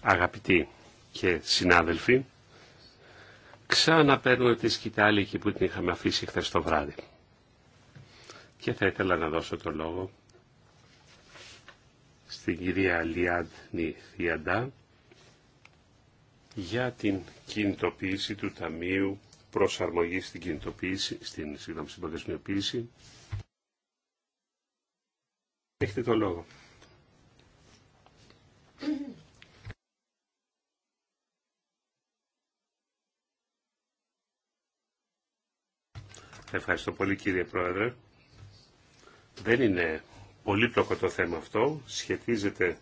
Αγαπητοί και συνάδελφοι, ξαναπαίρνουμε τη σκητάλη εκεί που την είχαμε αφήσει χθε το βράδυ. Και θα ήθελα να δώσω το λόγο στην κυρία Λιάντ Νιθιαντά για την κινητοποίηση του Ταμείου Προσαρμογή στην κινητοποίηση, στην, συγγνώμη, στην Έχετε το λόγο. Ευχαριστώ πολύ κύριε Πρόεδρε. Δεν είναι πολύπλοκο το θέμα αυτό. Σχετίζεται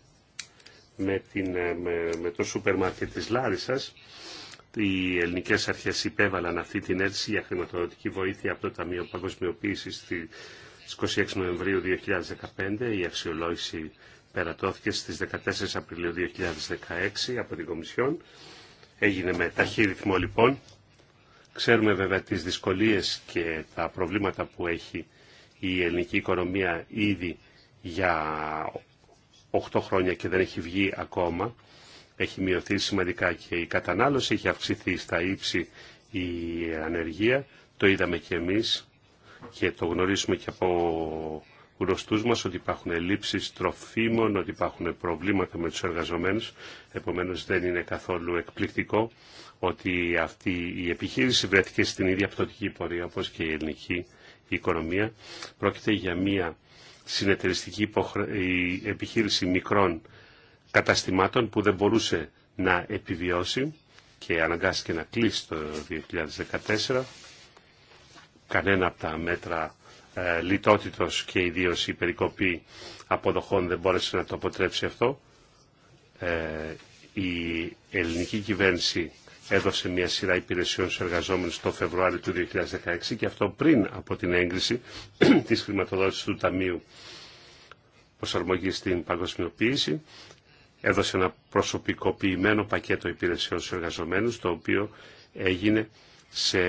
με, την, ε, με, με το σούπερ μάρκετ της Λάρισας. Οι ελληνικές αρχές υπέβαλαν αυτή την αίτηση για χρηματοδοτική βοήθεια από το Ταμείο Παγκοσμιοποίησης στις 26 Νοεμβρίου 2015. Η αξιολόγηση περατώθηκε στις 14 Απριλίου 2016 από την Κομισιόν. Έγινε με ταχύ ρυθμό λοιπόν Ξέρουμε βέβαια τις δυσκολίες και τα προβλήματα που έχει η ελληνική οικονομία ήδη για 8 χρόνια και δεν έχει βγει ακόμα. Έχει μειωθεί σημαντικά και η κατανάλωση, έχει αυξηθεί στα ύψη η ανεργία. Το είδαμε και εμείς και το γνωρίζουμε και από γνωστούς μας ότι υπάρχουν ελλείψεις τροφίμων, ότι υπάρχουν προβλήματα με τους εργαζομένους. Επομένως δεν είναι καθόλου εκπληκτικό ότι αυτή η επιχείρηση βρέθηκε στην ίδια πτωτική πορεία όπως και η ελληνική οικονομία. Πρόκειται για μια συνεταιριστική επιχείρηση μικρών καταστημάτων που δεν μπορούσε να επιβιώσει και αναγκάστηκε να κλείσει το 2014. Κανένα από τα μέτρα ε, λιτότητος και ιδίως η περικοπή αποδοχών δεν μπόρεσε να το αποτρέψει αυτό. Ε, η ελληνική κυβέρνηση έδωσε μια σειρά υπηρεσιών στους εργαζόμενους το Φεβρουάριο του 2016 και αυτό πριν από την έγκριση της χρηματοδότησης του Ταμείου προσαρμογή στην παγκοσμιοποίηση. Έδωσε ένα προσωπικοποιημένο πακέτο υπηρεσιών στους εργαζομένους, το οποίο έγινε σε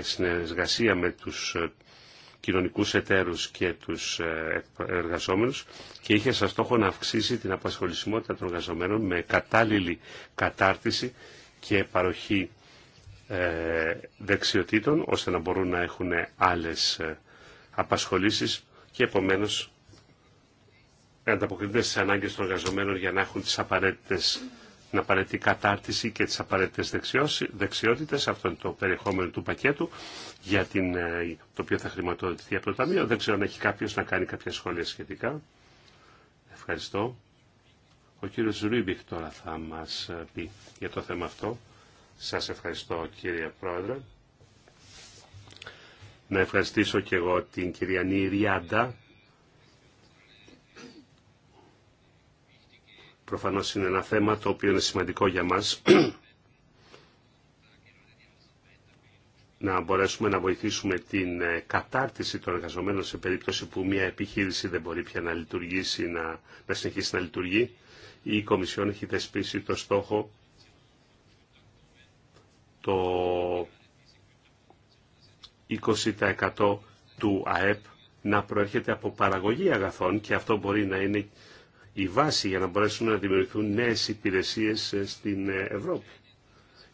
συνεργασία με τους ε, κοινωνικούς εταίρους και τους ε, εργαζόμενους και είχε σαν στόχο να αυξήσει την απασχολησιμότητα των εργαζομένων με κατάλληλη κατάρτιση και παροχή ε, δεξιοτήτων ώστε να μπορούν να έχουν άλλες ε, απασχολήσεις και επομένως ανταποκρίνεται στις ανάγκες των εργαζομένων για να έχουν τις απαραίτητες την απαραίτητη κατάρτιση και τις απαραίτητες δεξιότητες, αυτό είναι το περιεχόμενο του πακέτου, για την, ε, το οποίο θα χρηματοδοτηθεί από το Ταμείο. Δεν ξέρω αν έχει κάποιος να κάνει κάποια σχόλια σχετικά. Ευχαριστώ. Ο κύριος Ρούμπιχ τώρα θα μας πει για το θέμα αυτό. Σας ευχαριστώ κύριε Πρόεδρε. Να ευχαριστήσω και εγώ την κυρία Νίριάντα. Προφανώς είναι ένα θέμα το οποίο είναι σημαντικό για μας. να μπορέσουμε να βοηθήσουμε την ε, κατάρτιση των εργαζομένων σε περίπτωση που μια επιχείρηση δεν μπορεί πια να λειτουργήσει, να, να συνεχίσει να λειτουργεί η Κομισιόν έχει θεσπίσει το στόχο το 20% του ΑΕΠ να προέρχεται από παραγωγή αγαθών και αυτό μπορεί να είναι η βάση για να μπορέσουν να δημιουργηθούν νέες υπηρεσίες ε, στην ε, Ευρώπη.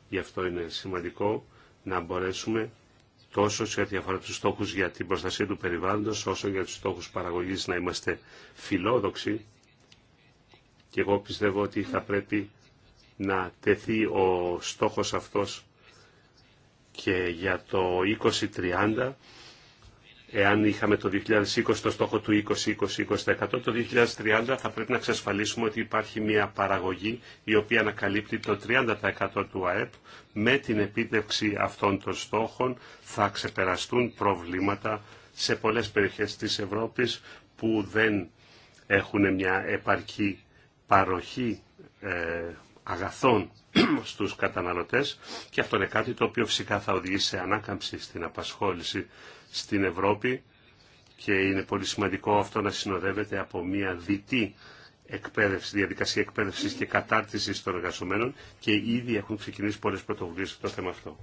Γι' αυτό είναι σημαντικό να μπορέσουμε τόσο σε ό,τι αφορά τους στόχους για την προστασία του περιβάλλοντος, όσο για τους στόχους παραγωγής να είμαστε φιλόδοξοι και εγώ πιστεύω ότι θα πρέπει να τεθεί ο στόχος αυτός και για το 2030, εάν είχαμε το 2020 το στόχο του 20-20-20%, το 2030 θα πρέπει να εξασφαλίσουμε ότι υπάρχει μια παραγωγή η οποία ανακαλύπτει το 30% του ΑΕΠ. Με την επίτευξη αυτών των στόχων θα ξεπεραστούν προβλήματα σε πολλές περιοχές της Ευρώπης που δεν έχουν μια επαρκή παροχή ε, αγαθών στους καταναλωτές και αυτό είναι κάτι το οποίο φυσικά θα οδηγήσει σε ανάκαμψη στην απασχόληση στην Ευρώπη και είναι πολύ σημαντικό αυτό να συνοδεύεται από μια διτή εκπαίδευση, διαδικασία εκπαίδευσης και κατάρτισης των εργαζομένων και ήδη έχουν ξεκινήσει πολλές πρωτοβουλίες στο θέμα αυτό.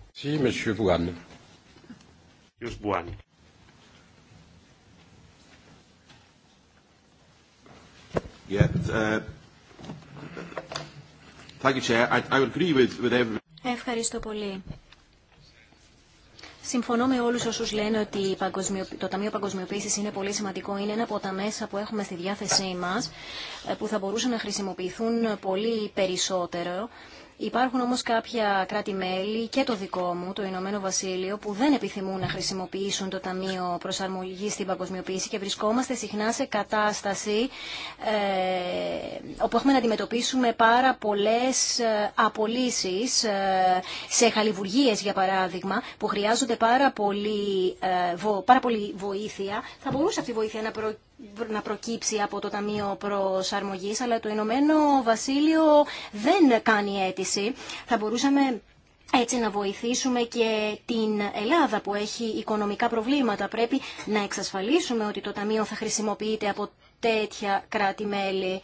Yeah, uh... Ε, Ευχαριστώ πολύ. Συμφωνώ με όλους όσους λένε ότι το Ταμείο Παγκοσμιοποίησης είναι πολύ σημαντικό. Είναι ένα από τα μέσα που έχουμε στη διάθεσή μας ε, που θα μπορούσαν να χρησιμοποιηθούν πολύ περισσότερο Υπάρχουν όμως κάποια κράτη-μέλη και το δικό μου, το Ηνωμένο Βασίλειο, που δεν επιθυμούν να χρησιμοποιήσουν το Ταμείο Προσαρμογής στην Παγκοσμιοποίηση και βρισκόμαστε συχνά σε κατάσταση ε, όπου έχουμε να αντιμετωπίσουμε πάρα πολλές ε, απολύσεις ε, σε χαλιβουργίες, για παράδειγμα, που χρειάζονται πάρα πολύ, ε, πάρα πολύ βοήθεια. Θα μπορούσε αυτή η βοήθεια να, προ, να προκύψει από το Ταμείο Προσαρμογής, αλλά το Ηνωμένο Βασίλειο δεν κάνει αίτηση. Θα μπορούσαμε έτσι να βοηθήσουμε και την Ελλάδα που έχει οικονομικά προβλήματα. Πρέπει να εξασφαλίσουμε ότι το Ταμείο θα χρησιμοποιείται από τέτοια κράτη-μέλη.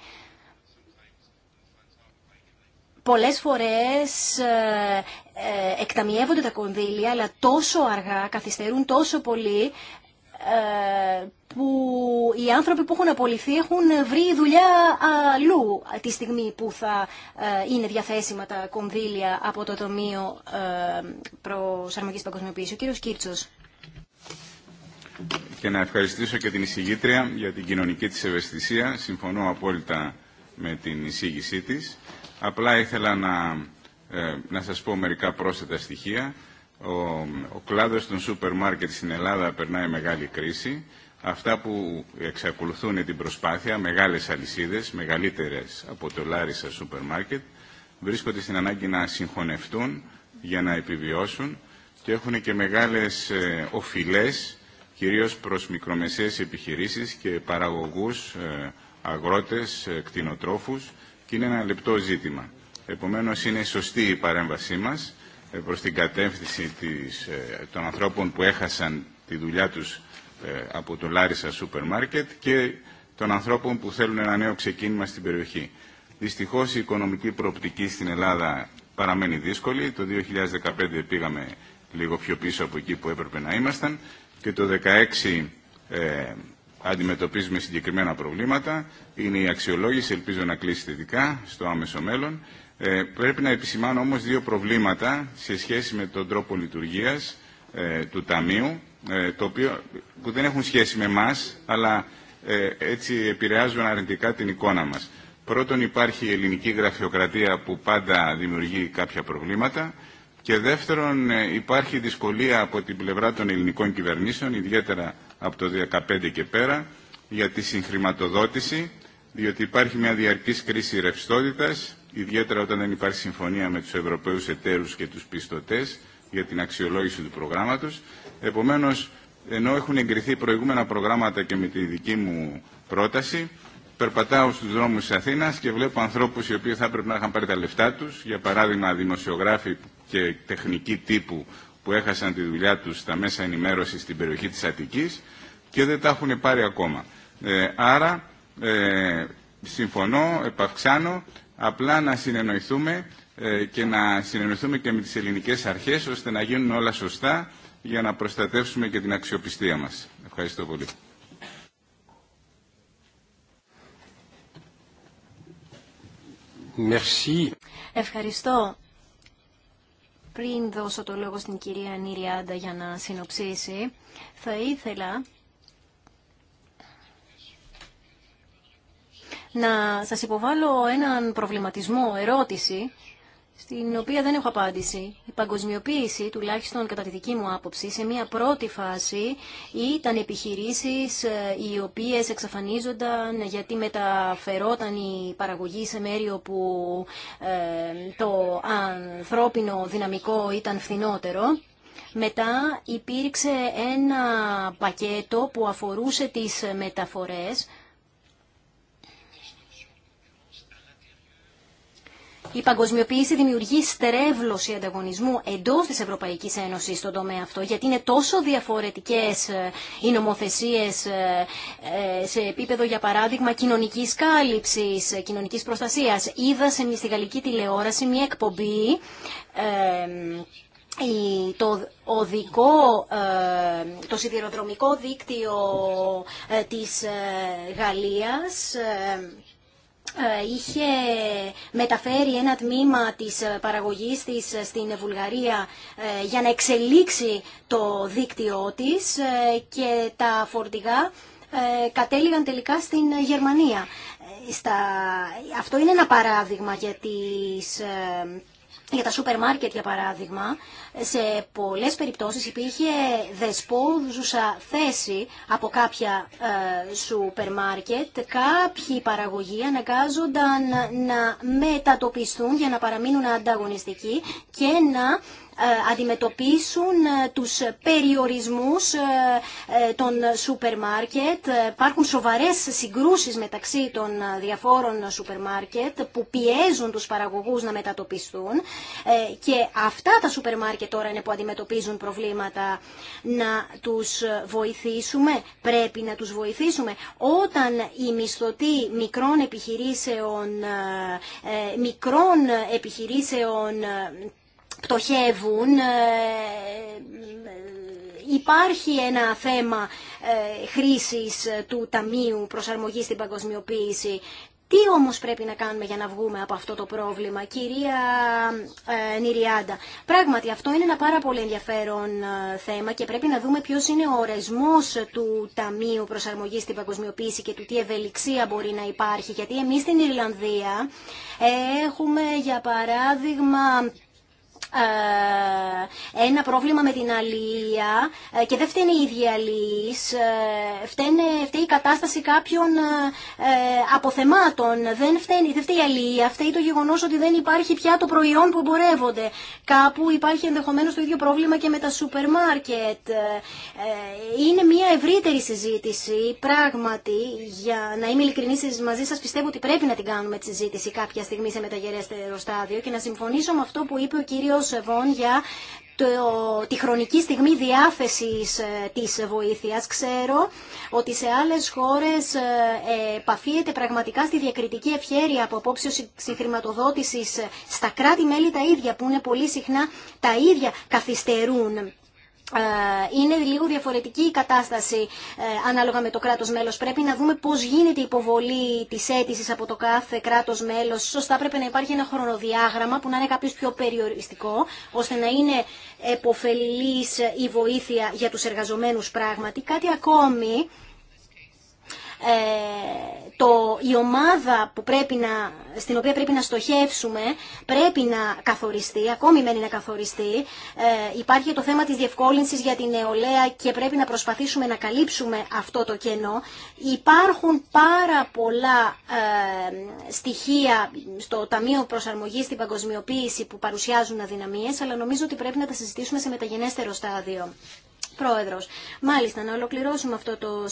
Πολλές φορές ε, ε, εκταμιεύονται τα κονδύλια, αλλά τόσο αργά, καθυστερούν τόσο πολύ ε, που οι άνθρωποι που έχουν απολυθεί έχουν βρει δουλειά αλλού τη στιγμή που θα ε, είναι διαθέσιμα τα κονδύλια από το Τομείο ε, Προσαρμογής Παγκοσμιοποίησης. Ο κύριος Κίρτσος. Και να ευχαριστήσω και την εισηγήτρια για την κοινωνική της ευαισθησία. Συμφωνώ απόλυτα με την εισήγησή της. Απλά ήθελα να, να σας πω μερικά πρόσθετα στοιχεία ο, ο κλάδος των σούπερ μάρκετ στην Ελλάδα περνάει μεγάλη κρίση. Αυτά που εξακολουθούν την προσπάθεια, μεγάλες αλυσίδες, μεγαλύτερες από το Λάρισα σούπερ μάρκετ, βρίσκονται στην ανάγκη να συγχωνευτούν για να επιβιώσουν και έχουν και μεγάλες ε, οφειλές, κυρίως προς μικρομεσαίες επιχειρήσεις και παραγωγούς, ε, αγρότες, ε, κτηνοτρόφους και είναι ένα λεπτό ζήτημα. Επομένως είναι σωστή η παρέμβασή μας ε, προς την κατεύθυνση ε, των ανθρώπων που έχασαν τη δουλειά τους ε, από το Λάρισα σούπερ μάρκετ και των ανθρώπων που θέλουν ένα νέο ξεκίνημα στην περιοχή. Δυστυχώς η οικονομική προοπτική στην Ελλάδα παραμένει δύσκολη. Το 2015 πήγαμε λίγο πιο πίσω από εκεί που έπρεπε να ήμασταν και το 2016 ε, αντιμετωπίζουμε συγκεκριμένα προβλήματα. Είναι η αξιολόγηση, ελπίζω να κλείσει θετικά στο άμεσο μέλλον. Ε, πρέπει να επισημάνω όμως δύο προβλήματα σε σχέση με τον τρόπο λειτουργίας ε, του Ταμείου, ε, το οποίο, που δεν έχουν σχέση με εμά, αλλά ε, έτσι επηρεάζουν αρνητικά την εικόνα μας. Πρώτον υπάρχει η ελληνική γραφειοκρατία που πάντα δημιουργεί κάποια προβλήματα και δεύτερον υπάρχει δυσκολία από την πλευρά των ελληνικών κυβερνήσεων, ιδιαίτερα από το 2015 και πέρα για τη συγχρηματοδότηση, διότι υπάρχει μια διαρκής κρίση ρευστότητας, ιδιαίτερα όταν δεν υπάρχει συμφωνία με τους Ευρωπαίους εταίρους και τους πιστωτές για την αξιολόγηση του προγράμματος. Επομένως, ενώ έχουν εγκριθεί προηγούμενα προγράμματα και με τη δική μου πρόταση, περπατάω στους δρόμους της Αθήνας και βλέπω ανθρώπους οι οποίοι θα έπρεπε να είχαν πάρει τα λεφτά τους, για παράδειγμα δημοσιογράφοι και τεχνικοί τύπου που έχασαν τη δουλειά τους στα μέσα ενημέρωση στην περιοχή της Αττικής και δεν τα έχουν πάρει ακόμα. Ε, άρα, ε, συμφωνώ, επαυξάνω, απλά να συνεννοηθούμε ε, και να συνεννοηθούμε και με τις ελληνικές αρχές, ώστε να γίνουν όλα σωστά για να προστατεύσουμε και την αξιοπιστία μας. Ευχαριστώ πολύ. Ευχαριστώ. Πριν δώσω το λόγο στην κυρία Νίριάντα για να συνοψίσει, θα ήθελα να σας υποβάλω έναν προβληματισμό, ερώτηση, στην οποία δεν έχω απάντηση. Η παγκοσμιοποίηση, τουλάχιστον κατά τη δική μου άποψη, σε μια πρώτη φάση ήταν επιχειρήσεις ε, οι οποίες εξαφανίζονταν γιατί μεταφερόταν η παραγωγή σε μέρη όπου ε, το ανθρώπινο δυναμικό ήταν φθηνότερο. Μετά υπήρξε ένα πακέτο που αφορούσε τις μεταφορές Η παγκοσμιοποίηση δημιουργεί στερεύλωση ανταγωνισμού εντό τη Ευρωπαϊκή Ένωση στον τομέα αυτό, γιατί είναι τόσο διαφορετικές ε, οι νομοθεσίες ε, ε, σε επίπεδο, για παράδειγμα, κοινωνικής κάλυψης, κοινωνικής προστασίας. Είδα σε, στη γαλλική τηλεόραση μια εκπομπή το οδικό, το σιδηροδρομικό δίκτυο της Γαλλίας ε, είχε μεταφέρει ένα τμήμα της ε, παραγωγής της ε, στην Βουλγαρία για να εξελίξει το δίκτυό της και τα φορτηγά κατέληγαν τελικά στην Γερμανία. Στα... Αυτό είναι ένα παράδειγμα για τις για τα σούπερ μάρκετ για παράδειγμα, σε πολλές περιπτώσεις υπήρχε δεσπόζουσα θέση από κάποια ε, σούπερ μάρκετ. Κάποιοι παραγωγοί αναγκάζονταν να μετατοπιστούν για να παραμείνουν ανταγωνιστικοί και να ε, αντιμετωπίσουν ε, τους περιορισμούς ε, των σούπερ μάρκετ. Υπάρχουν σοβαρές συγκρούσεις μεταξύ των διαφόρων σούπερ μάρκετ που πιέζουν τους παραγωγούς να μετατοπιστούν και αυτά τα σούπερ μάρκετ τώρα είναι που αντιμετωπίζουν προβλήματα να τους βοηθήσουμε. Πρέπει να τους βοηθήσουμε. Όταν η μισθωτοί μικρών επιχειρήσεων, μικρών επιχειρήσεων πτωχεύουν ε, ε, υπάρχει ένα θέμα ε, χρήσης του Ταμείου Προσαρμογής στην Παγκοσμιοποίηση. Τι όμως πρέπει να κάνουμε για να βγούμε από αυτό το πρόβλημα, κυρία Νηριάντα. Πράγματι αυτό είναι ένα πάρα πολύ ενδιαφέρον θέμα και πρέπει να δούμε ποιος είναι ο ορεσμός του Ταμείου Προσαρμογής στην Παγκοσμιοποίηση και του τι ευελιξία μπορεί να υπάρχει. Γιατί εμείς στην Ιρλανδία έχουμε για παράδειγμα ε, ένα πρόβλημα με την ε, και δεν φταίνει η ίδια ε, φταίνε, φταίει η κατάσταση κάποιων ε, αποθεμάτων. Δεν, φταίνει, δεν φταίει η αλληλεία, φταίει το γεγονός ότι δεν υπάρχει πια το προϊόν που εμπορεύονται. Κάπου υπάρχει ενδεχομένως το ίδιο πρόβλημα και με τα σούπερ μάρκετ. Είναι μια ευρύτερη συζήτηση, πράγματι, για να είμαι ειλικρινής μαζί σας, πιστεύω ότι πρέπει να την κάνουμε τη συζήτηση κάποια στιγμή σε μεταγερέστερο στάδιο και να συμφωνήσω με αυτό που είπε ο κύριο. Σεβόν, για το, τη χρονική στιγμή διάθεσης ε, της βοήθειας. Ξέρω ότι σε άλλες χώρες ε, ε, επαφίεται πραγματικά στη διακριτική ευχέρεια από απόψεως συγχρηματοδότησης στα κράτη-μέλη τα ίδια που είναι πολύ συχνά τα ίδια καθυστερούν ε, είναι λίγο διαφορετική η κατάσταση ε, ανάλογα με το κράτος μέλος. Πρέπει να δούμε πώς γίνεται η υποβολή της αίτησης από το κάθε κράτος μέλος. Σωστά πρέπει να υπάρχει ένα χρονοδιάγραμμα που να είναι κάποιος πιο περιοριστικό, ώστε να είναι εποφελής η βοήθεια για τους εργαζομένους πράγματι. Κάτι ακόμη ε, το, η ομάδα που πρέπει να, στην οποία πρέπει να στοχεύσουμε πρέπει να καθοριστεί, ακόμη μένει να καθοριστεί. Ε, υπάρχει το θέμα της διευκόλυνσης για την νεολαία και πρέπει να προσπαθήσουμε να καλύψουμε αυτό το κενό. Υπάρχουν πάρα πολλά ε, στοιχεία στο Ταμείο Προσαρμογής στην Παγκοσμιοποίηση που παρουσιάζουν αδυναμίες, αλλά νομίζω ότι πρέπει να τα συζητήσουμε σε μεταγενέστερο στάδιο πρόεδρος. Μάλιστα, να ολοκληρώσουμε αυτό το,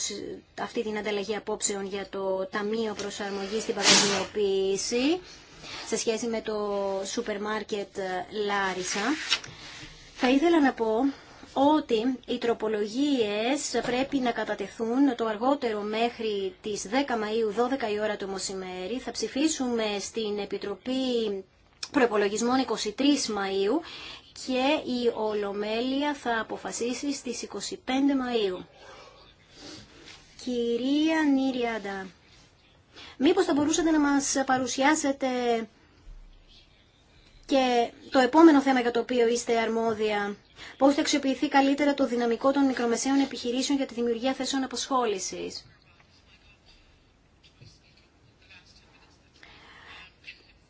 αυτή την ανταλλαγή απόψεων για το Ταμείο Προσαρμογής στην Παγκοσμιοποίηση σε σχέση με το σούπερ μάρκετ ε, Λάρισα. Θα ήθελα να πω ότι οι τροπολογίες πρέπει να κατατεθούν το αργότερο μέχρι τις 10 Μαΐου 12 η ώρα το Μοσημέρι. Θα ψηφίσουμε στην Επιτροπή Προπολογισμών 23 Μαΐου και η Ολομέλεια θα αποφασίσει στις 25 Μαΐου. Κυρία Νίριαντα, μήπως θα μπορούσατε να μας παρουσιάσετε και το επόμενο θέμα για το οποίο είστε αρμόδια, πώς θα αξιοποιηθεί καλύτερα το δυναμικό των μικρομεσαίων επιχειρήσεων για τη δημιουργία θέσεων απασχόλησης.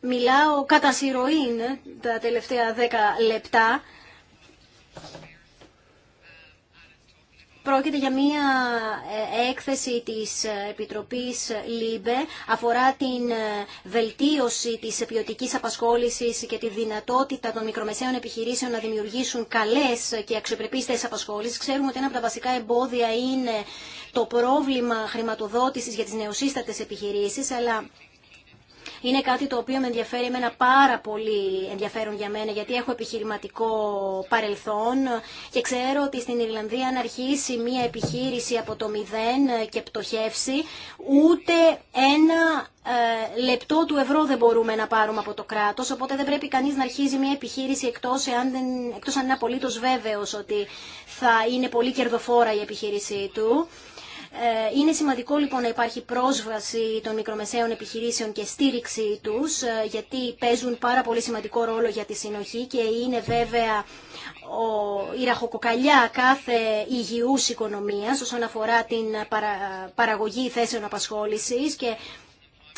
Μιλάω κατά συρροή ε, τα τελευταία δέκα λεπτά. Πρόκειται για μία ε, έκθεση της ε, Επιτροπής ΛΥΜΠΕ, αφορά την βελτίωση της ποιοτική απασχόλησης και τη δυνατότητα των μικρομεσαίων επιχειρήσεων να δημιουργήσουν καλές και αξιοπρεπείς θέσεις απασχόλησης. Ξέρουμε ότι ένα από τα βασικά εμπόδια είναι το πρόβλημα χρηματοδότησης για τις νεοσύστατες επιχειρήσεις, αλλά είναι κάτι το οποίο με ενδιαφέρει εμένα πάρα πολύ ενδιαφέρον για μένα γιατί έχω επιχειρηματικό παρελθόν και ξέρω ότι στην Ιρλανδία αν αρχίσει μια επιχείρηση από το μηδέν και πτωχεύσει ούτε ένα ε, λεπτό του ευρώ δεν μπορούμε να πάρουμε από το κράτος, οπότε δεν πρέπει κανείς να αρχίζει μια επιχείρηση εκτός, εκτός αν είναι απολύτως βέβαιος ότι θα είναι πολύ κερδοφόρα η επιχείρησή του. Ε, είναι σημαντικό λοιπόν να υπάρχει πρόσβαση των μικρομεσαίων επιχειρήσεων και στήριξη τους, ε, γιατί παίζουν πάρα πολύ σημαντικό ρόλο για τη συνοχή και είναι βέβαια η ραχοκοκαλιά κάθε υγιούς οικονομίας όσον αφορά την παραγωγή θέσεων απασχόλησης και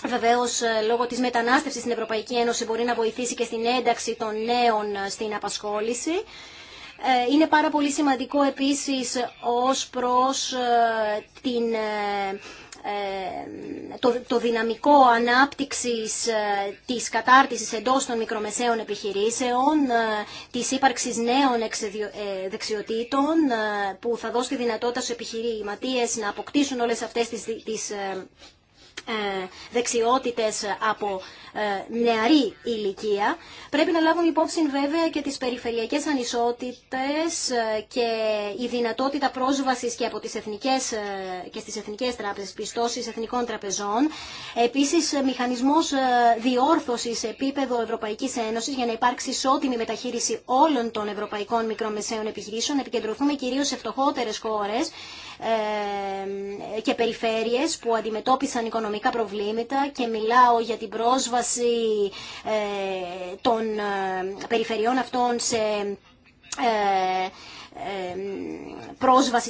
Βεβαίω, ε, λόγω τη μετανάστευση στην Ευρωπαϊκή Ένωση μπορεί να βοηθήσει και στην ένταξη των νέων στην απασχόληση. Ε, είναι πάρα πολύ σημαντικό επίσης ως προς ε, την ε, το, δυναμικό ανάπτυξης της κατάρτισης εντός των μικρομεσαίων επιχειρήσεων, της ύπαρξης νέων δεξιοτήτων που θα δώσει τη δυνατότητα στους επιχειρηματίες να αποκτήσουν όλες αυτές τις, τις ε, δεξιότητες από ε, νεαρή ηλικία. Πρέπει να λάβουν υπόψη βέβαια και τις περιφερειακές ανισότητες ε, και η δυνατότητα πρόσβασης και, από τις εθνικές, και στις εθνικές τράπεζες, πιστώσεις εθνικών τραπεζών. Επίσης, μηχανισμός διόρθωσης σε επίπεδο Ευρωπαϊκής Ένωσης για να υπάρξει ισότιμη μεταχείριση όλων των ευρωπαϊκών μικρομεσαίων επιχειρήσεων. Επικεντρωθούμε κυρίως σε φτωχότερες χώρες ε, και περιφέρειες που αντιμετώπισαν οικονομικά προβλήματα και μιλάω για την πρόσβαση ε, των ε, περιφερειών αυτών σε ε, πρόσβαση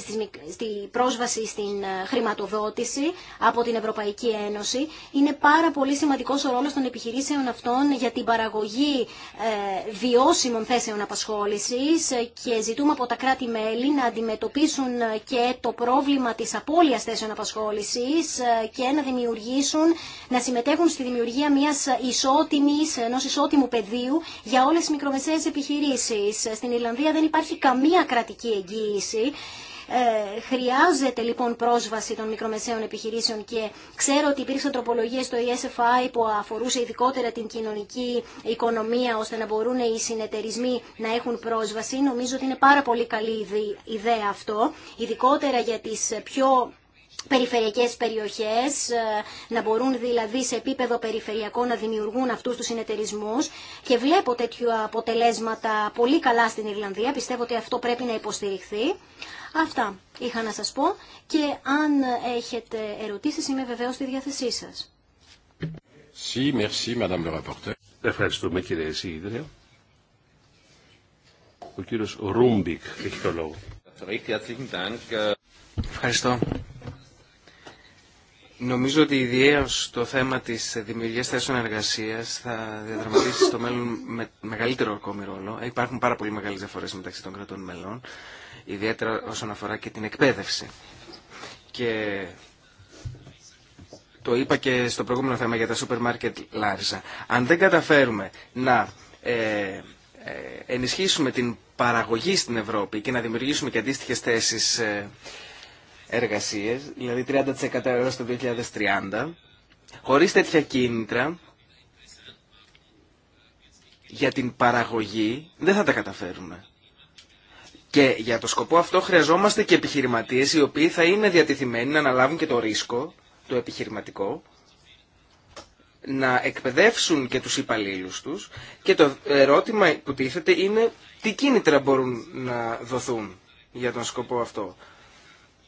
στη πρόσβαση στην ε, χρηματοδότηση από την Ευρωπαϊκή Ένωση. Είναι πάρα πολύ σημαντικός ο ρόλος των επιχειρήσεων αυτών για την παραγωγή ε, βιώσιμων θέσεων απασχόλησης και ζητούμε από τα κράτη-μέλη να αντιμετωπίσουν και το πρόβλημα της απώλειας θέσεων απασχόλησης και να δημιουργήσουν, να συμμετέχουν στη δημιουργία μιας ισότιμης, ενός ισότιμου πεδίου για όλες τις μικρομεσαίες επιχειρήσεις. Στην Ιρλανδία δεν υπάρχει καμία κρατική εγγύηση. Ε, χρειάζεται λοιπόν πρόσβαση των μικρομεσαίων επιχειρήσεων και ξέρω ότι υπήρξαν τροπολογίες στο ESFI που αφορούσε ειδικότερα την κοινωνική οικονομία ώστε να μπορούν οι συνεταιρισμοί να έχουν πρόσβαση. Νομίζω ότι είναι πάρα πολύ καλή ιδέα αυτό, ειδικότερα για τις πιο περιφερειακές περιοχές, ε, να μπορούν δηλαδή σε επίπεδο περιφερειακό να δημιουργούν αυτούς τους συνεταιρισμούς και βλέπω τέτοια αποτελέσματα πολύ καλά στην Ιρλανδία, πιστεύω ότι αυτό πρέπει να υποστηριχθεί. Αυτά είχα να σας πω και αν έχετε ερωτήσεις είμαι βεβαίως στη διάθεσή σας. Sí, Ευχαριστούμε κύριε Σίδρε. Ο κύριος Ρούμπικ έχει το λόγο. Ευχαριστώ. Νομίζω ότι ιδιαίω το θέμα τη δημιουργία θέσεων εργασία θα διαδραματίσει στο μέλλον με μεγαλύτερο ακόμη ρόλο. Υπάρχουν πάρα πολύ μεγάλε διαφορέ μεταξύ των κρατών μελών, ιδιαίτερα όσον αφορά και την εκπαίδευση. Και το είπα και στο προηγούμενο θέμα για τα σούπερ μάρκετ Λάρισα. Αν δεν καταφέρουμε να ε, ε ενισχύσουμε την παραγωγή στην Ευρώπη και να δημιουργήσουμε και αντίστοιχε θέσει. Ε, εργασίες, δηλαδή 30% έως το 2030, χωρίς τέτοια κίνητρα για την παραγωγή δεν θα τα καταφέρουμε. Και για το σκοπό αυτό χρειαζόμαστε και επιχειρηματίες οι οποίοι θα είναι διατηθειμένοι να αναλάβουν και το ρίσκο, το επιχειρηματικό, να εκπαιδεύσουν και τους υπαλλήλους τους και το ερώτημα που τίθεται είναι τι κίνητρα μπορούν να δοθούν για τον σκοπό αυτό.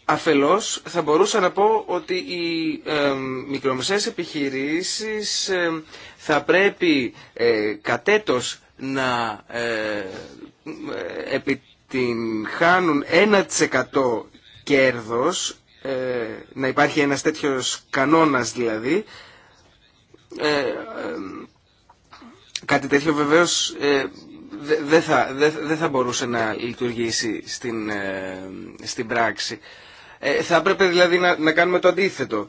Αφελώς θα μπορούσα να πω ότι οι ε, μικρομεσαίες επιχειρήσεις θα πρέπει ε, κατέτος να ε, επιτυγχάνουν 1% κέρδος, ε, να υπάρχει ένας τέτοιος κανόνας δηλαδή. Ε, κάτι τέτοιο βεβαίως δεν θα, δε, θα μπορούσε να λειτουργήσει στην, στην πράξη. Ε, θα έπρεπε δηλαδή να, να κάνουμε το αντίθετο.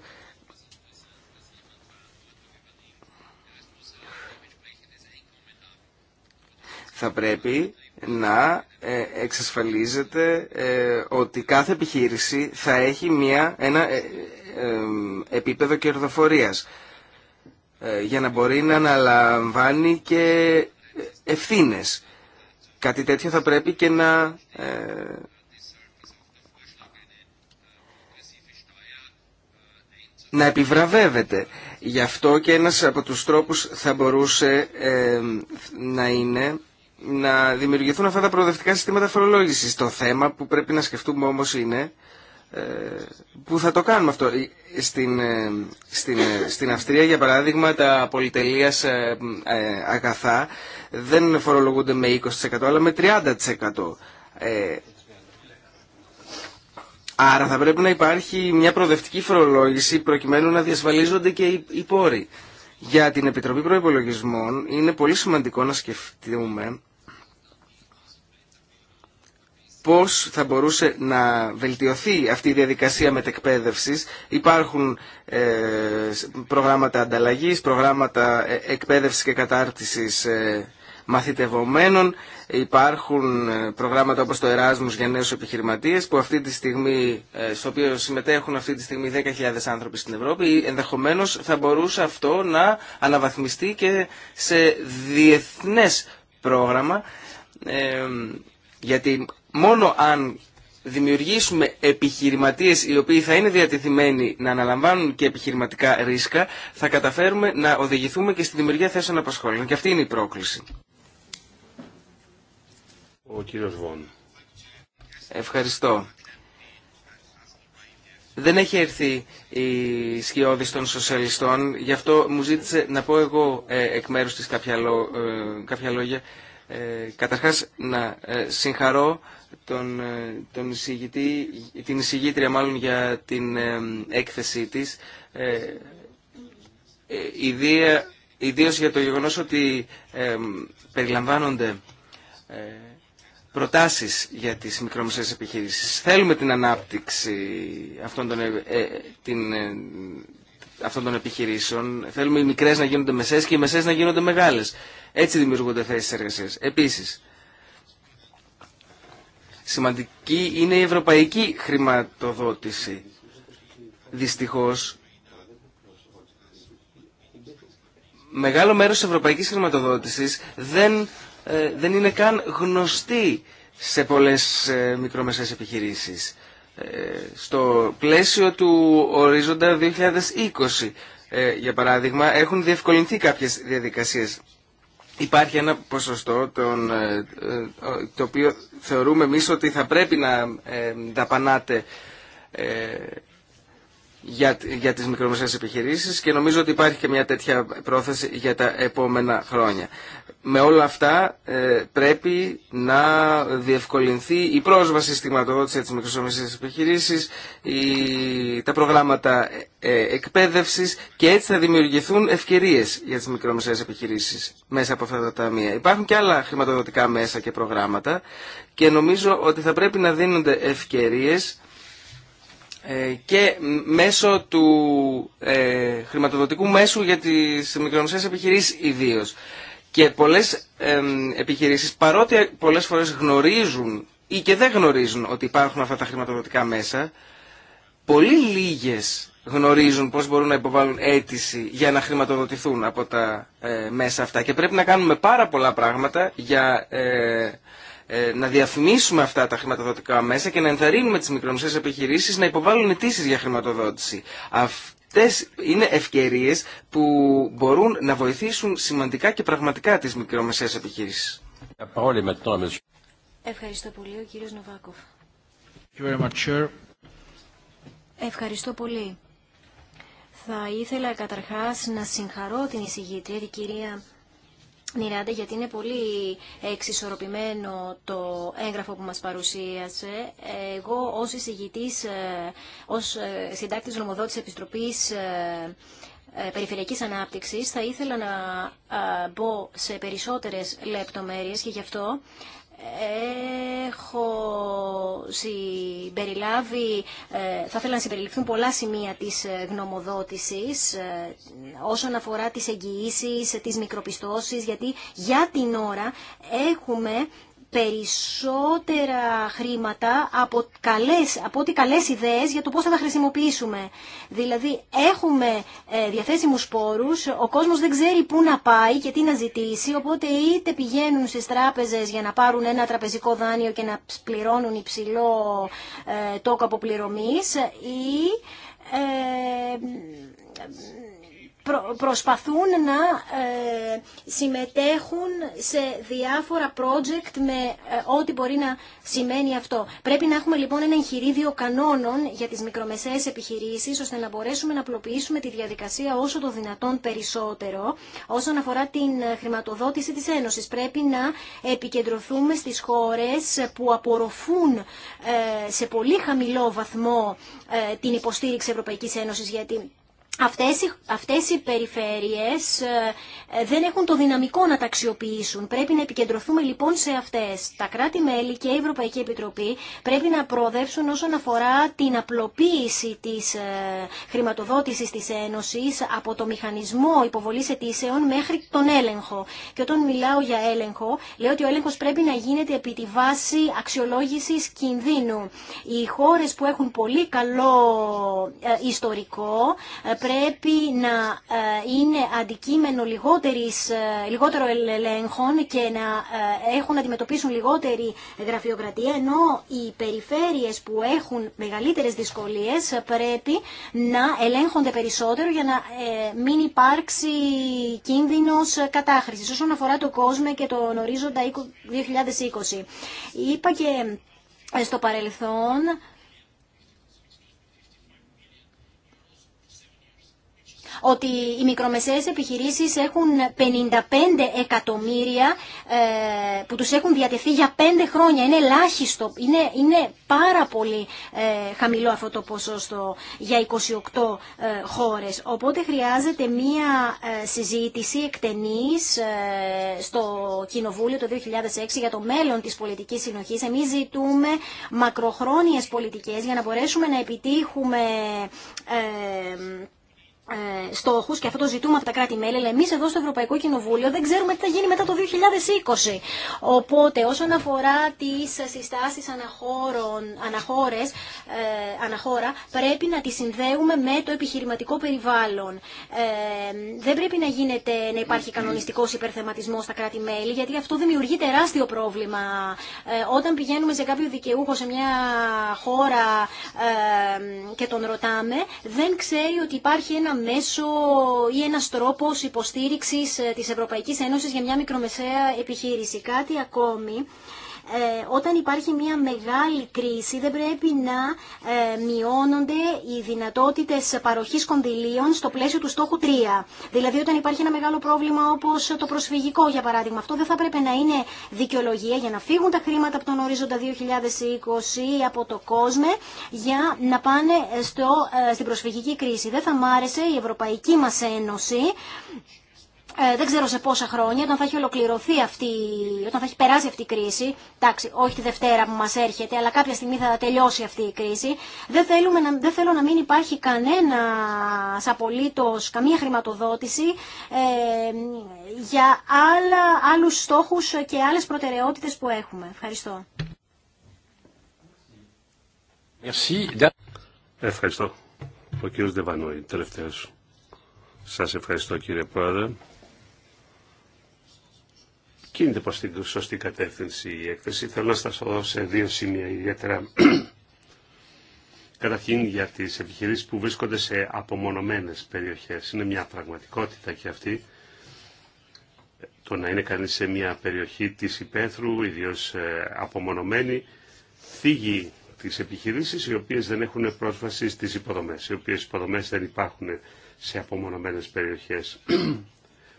Θα πρέπει να ε, εξασφαλίζεται ε, ότι κάθε επιχείρηση θα έχει μια, ένα επίπεδο κερδοφορίας για να μπορεί να αναλαμβάνει και ευθύνες. Κάτι τέτοιο θα πρέπει και να να επιβραβεύεται. Γι' αυτό και ένας από τους τρόπους θα μπορούσε ε, να είναι να δημιουργηθούν αυτά τα προοδευτικά συστήματα φορολόγησης. Το θέμα που πρέπει να σκεφτούμε όμως είναι ε, που θα το κάνουμε αυτό. Στην, ε, στην, στην Αυστρία, για παράδειγμα, τα πολυτελείας αγαθά δεν φορολογούνται με 20% αλλά με 30%. Άρα θα πρέπει να υπάρχει μια προοδευτική φορολόγηση προκειμένου να διασφαλίζονται και οι πόροι. Για την Επιτροπή Προϋπολογισμών είναι πολύ σημαντικό να σκεφτούμε πώς θα μπορούσε να βελτιωθεί αυτή η διαδικασία μετεκπαίδευσης. Υπάρχουν ε, προγράμματα ανταλλαγής, προγράμματα ε, εκπαίδευσης και κατάρτισης ε, μαθητευομένων. Υπάρχουν ε, προγράμματα όπως το Εράσμους για νέους επιχειρηματίες που αυτή τη στιγμή, ε, στο οποίο συμμετέχουν αυτή τη στιγμή 10.000 άνθρωποι στην Ευρώπη. Ενδεχομένως θα μπορούσε αυτό να αναβαθμιστεί και σε διεθνές πρόγραμμα ε, γιατί μόνο αν δημιουργήσουμε επιχειρηματίες οι οποίοι θα είναι διατεθειμένοι να αναλαμβάνουν και επιχειρηματικά ρίσκα, θα καταφέρουμε να οδηγηθούμε και στη δημιουργία θέσεων απασχόλων. Και αυτή είναι η πρόκληση. Ο κύριος Βόν. Ευχαριστώ. Δεν έχει έρθει η σκιώδη των σοσιαλιστών, γι' αυτό μου ζήτησε να πω εγώ ε, εκ μέρους της κάποια, ε, λόγια. Ε, καταρχάς να συγχαρώ τον, τον εισηγητή, την εισηγήτρια μάλλον για την έκθεσή της, ιδίως για το γεγονός ότι περιλαμβάνονται προτάσεις για τις μικρομεσαίες επιχειρήσεις. Θέλουμε την ανάπτυξη αυτών των, ε, ε, την, ε, επιχειρήσεων. Θέλουμε οι μικρές να γίνονται μεσαίες και οι μεσαίες να γίνονται μεγάλες. Έτσι δημιουργούνται θέσεις εργασίας. Επίσης, σημαντική είναι η ευρωπαϊκή χρηματοδότηση. Δυστυχώς, μεγάλο μέρος της ευρωπαϊκής χρηματοδότησης δεν ε, δεν είναι καν γνωστή σε πολλές ε, μικρομεσαίες επιχειρήσεις. Ε, στο πλαίσιο του ορίζοντα 2020, για παράδειγμα, έχουν διευκολυνθεί κάποιες διαδικασίες. Υπάρχει ένα ποσοστό τον, το οποίο θεωρούμε εμείς ότι θα πρέπει να δαπανάτε για, για τις μικρομεσαίες επιχειρήσεις και νομίζω ότι υπάρχει και μια τέτοια πρόθεση για τα επόμενα χρόνια. Με όλα αυτά ε, πρέπει να διευκολυνθεί η πρόσβαση στη χρηματοδότηση της μικρομεσαίες επιχειρήσεις, η, τα προγράμματα ε, εκπαίδευσης και έτσι θα δημιουργηθούν ευκαιρίες για τις μικρομεσαίες επιχειρήσεις μέσα από αυτά τα ταμεία. Υπάρχουν και άλλα χρηματοδοτικά μέσα και προγράμματα και νομίζω ότι θα πρέπει να δίνονται ευκαιρίες ε, και μέσω του ε, χρηματοδοτικού μέσου για τις μικρομεσαίες επιχειρήσεις ιδίως. Και πολλές ε, επιχειρήσεις, παρότι πολλές φορές γνωρίζουν ή και δεν γνωρίζουν ότι υπάρχουν αυτά τα χρηματοδοτικά μέσα, πολύ λίγες γνωρίζουν πώς μπορούν να υποβάλουν αίτηση για να χρηματοδοτηθούν από τα ε, μέσα αυτά. Και πρέπει να κάνουμε πάρα πολλά πράγματα για ε, να διαφημίσουμε αυτά τα χρηματοδοτικά μέσα και να ενθαρρύνουμε τις μικρομεσαίες επιχειρήσεις να υποβάλουν αιτήσει για χρηματοδότηση. Αυτές είναι ευκαιρίες που μπορούν να βοηθήσουν σημαντικά και πραγματικά τις μικρομεσαίες επιχειρήσεις. Ευχαριστώ πολύ, ο κύριος Νοβάκοφ. Ευχαριστώ πολύ. Θα ήθελα καταρχάς να συγχαρώ την εισηγήτρια, την κυρία Νιράντε, γιατί είναι πολύ εξισορροπημένο το έγγραφο που μας παρουσίασε. Εγώ ως εισηγητής, ε, ως ε, συντάκτης νομοδότης Επιστροπής ε, ε, περιφερειακής ανάπτυξης, θα ήθελα να ε, μπω σε περισσότερες λεπτομέρειες και γι' αυτό ε, έχω συμπεριλάβει, θα ήθελα να συμπεριληφθούν πολλά σημεία της γνωμοδότησης όσον αφορά τις εγγυήσεις, τις μικροπιστώσεις, γιατί για την ώρα έχουμε περισσότερα χρήματα από, καλές, από ότι καλές ιδέες για το πώς θα τα χρησιμοποιήσουμε. Δηλαδή έχουμε ε, διαθέσιμους πόρους, ο κόσμος δεν ξέρει πού να πάει και τι να ζητήσει, οπότε είτε πηγαίνουν στις τράπεζες για να πάρουν ένα τραπεζικό δάνειο και να πληρώνουν υψηλό ε, τόκο αποπληρωμής ή... Ε, προσπαθούν να ε, συμμετέχουν σε διάφορα project με ε, ό,τι μπορεί να σημαίνει αυτό. Πρέπει να έχουμε λοιπόν ένα εγχειρίδιο κανόνων για τις μικρομεσαίες επιχειρήσεις ώστε να μπορέσουμε να απλοποιήσουμε τη διαδικασία όσο το δυνατόν περισσότερο όσον αφορά την χρηματοδότηση της Ένωσης. Πρέπει να επικεντρωθούμε στις χώρες που απορροφούν ε, σε πολύ χαμηλό βαθμό την υποστήριξη Ευρωπαϊκής Ένωσης γιατί Αυτές οι, αυτές οι περιφέρειες ε, ε, δεν έχουν το δυναμικό να τα αξιοποιήσουν. Πρέπει να επικεντρωθούμε λοιπόν σε αυτές. Τα κράτη-μέλη και η Ευρωπαϊκή Επιτροπή πρέπει να προοδεύσουν όσον αφορά την απλοποίηση της ε, χρηματοδότησης της Ένωσης από το μηχανισμό υποβολής αιτήσεων μέχρι τον έλεγχο. Και όταν μιλάω για έλεγχο, λέω ότι ο έλεγχος πρέπει να γίνεται επί τη βάση αξιολόγησης κινδύνου. Οι χώρες που έχουν πολύ καλό ιστορικό πρέπει να ε, είναι αντικείμενο λιγότερης, ε, λιγότερο ελέγχων και να ε, έχουν να αντιμετωπίσουν λιγότερη γραφειοκρατία, ενώ οι περιφέρειες που έχουν μεγαλύτερες δυσκολίες πρέπει να ελέγχονται περισσότερο για να μην υπάρξει κίνδυνος κατάχρησης όσον αφορά το κόσμο και τον ορίζοντα 2020. Είπα και στο παρελθόν ότι οι μικρομεσαίες επιχειρήσεις έχουν 55 εκατομμύρια ε, που τους έχουν διατεθεί για 5 χρόνια. Είναι ελάχιστο, είναι, είναι πάρα πολύ ε, χαμηλό αυτό το ποσόστο για 28 ε, χώρες. Οπότε χρειάζεται μία συζήτηση εκτενής στο Κοινοβούλιο το 2006 για το μέλλον της πολιτικής συνοχής. Εμείς ζητούμε μακροχρόνιες πολιτικές για να μπορέσουμε να επιτύχουμε ε, στόχους και αυτό το ζητούμε από τα κράτη-μέλη, αλλά εμείς εδώ στο Ευρωπαϊκό Κοινοβούλιο δεν ξέρουμε τι θα γίνει μετά το 2020. Οπότε όσον αφορά τις συστάσεις αναχώρων, αναχώρες, ε, αναχώρα, πρέπει να τις συνδέουμε με το επιχειρηματικό περιβάλλον. Ε, δεν πρέπει να γίνεται να υπάρχει κανονιστικός υπερθεματισμός στα κράτη-μέλη, γιατί αυτό δημιουργεί τεράστιο πρόβλημα. Ε, όταν πηγαίνουμε σε κάποιο δικαιούχο σε μια χώρα ε, και τον ρωτάμε, δεν ξέρει ότι υπάρχει ένα μέσο ή ένα τρόπο υποστήριξης ε, της Ευρωπαϊκής Ένωση για μια μικρομεσαία επιχείρηση. Κάτι ακόμη ε, όταν υπάρχει μια μεγάλη κρίση δεν πρέπει να ε, μειώνονται οι δυνατότητες παροχής κονδυλίων στο πλαίσιο του στόχου 3. Δηλαδή όταν υπάρχει ένα μεγάλο πρόβλημα όπως το προσφυγικό για παράδειγμα. Αυτό δεν θα πρέπει να είναι δικαιολογία για να φύγουν τα χρήματα από τον ορίζοντα 2020 ή από το κόσμο για να πάνε στο, ε, στην προσφυγική κρίση. Δεν θα μ' άρεσε η Ευρωπαϊκή μας Ένωση ε, δεν ξέρω σε πόσα χρόνια, όταν θα έχει ολοκληρωθεί αυτή, όταν θα έχει περάσει αυτή η κρίση, εντάξει, όχι τη Δευτέρα που μας έρχεται, αλλά κάποια στιγμή θα τελειώσει αυτή η κρίση, δεν, θέλουμε να, δεν θέλω να μην υπάρχει κανένα απολύτως, καμία χρηματοδότηση ε, για άλλα, άλλους στόχους και άλλες προτεραιότητες που έχουμε. Ευχαριστώ. Ευχαριστώ. Ο κύριος Δεβανόη, τελευταίος. Σας ευχαριστώ κύριε Πρόεδρε κινείται προ την σωστή κατεύθυνση η έκθεση. Θέλω να σταθώ σε δύο σημεία ιδιαίτερα. Καταρχήν για τις επιχειρήσεις που βρίσκονται σε απομονωμένες περιοχές. Είναι μια πραγματικότητα και αυτή. Το να είναι κάνει σε μια περιοχή της υπαίθρου, ιδίως ε, απομονωμένη, θίγει τις επιχειρήσεις οι οποίες δεν έχουν πρόσβαση στι υποδομές, οι οποίες υποδομές δεν υπάρχουν σε απομονωμένες περιοχές.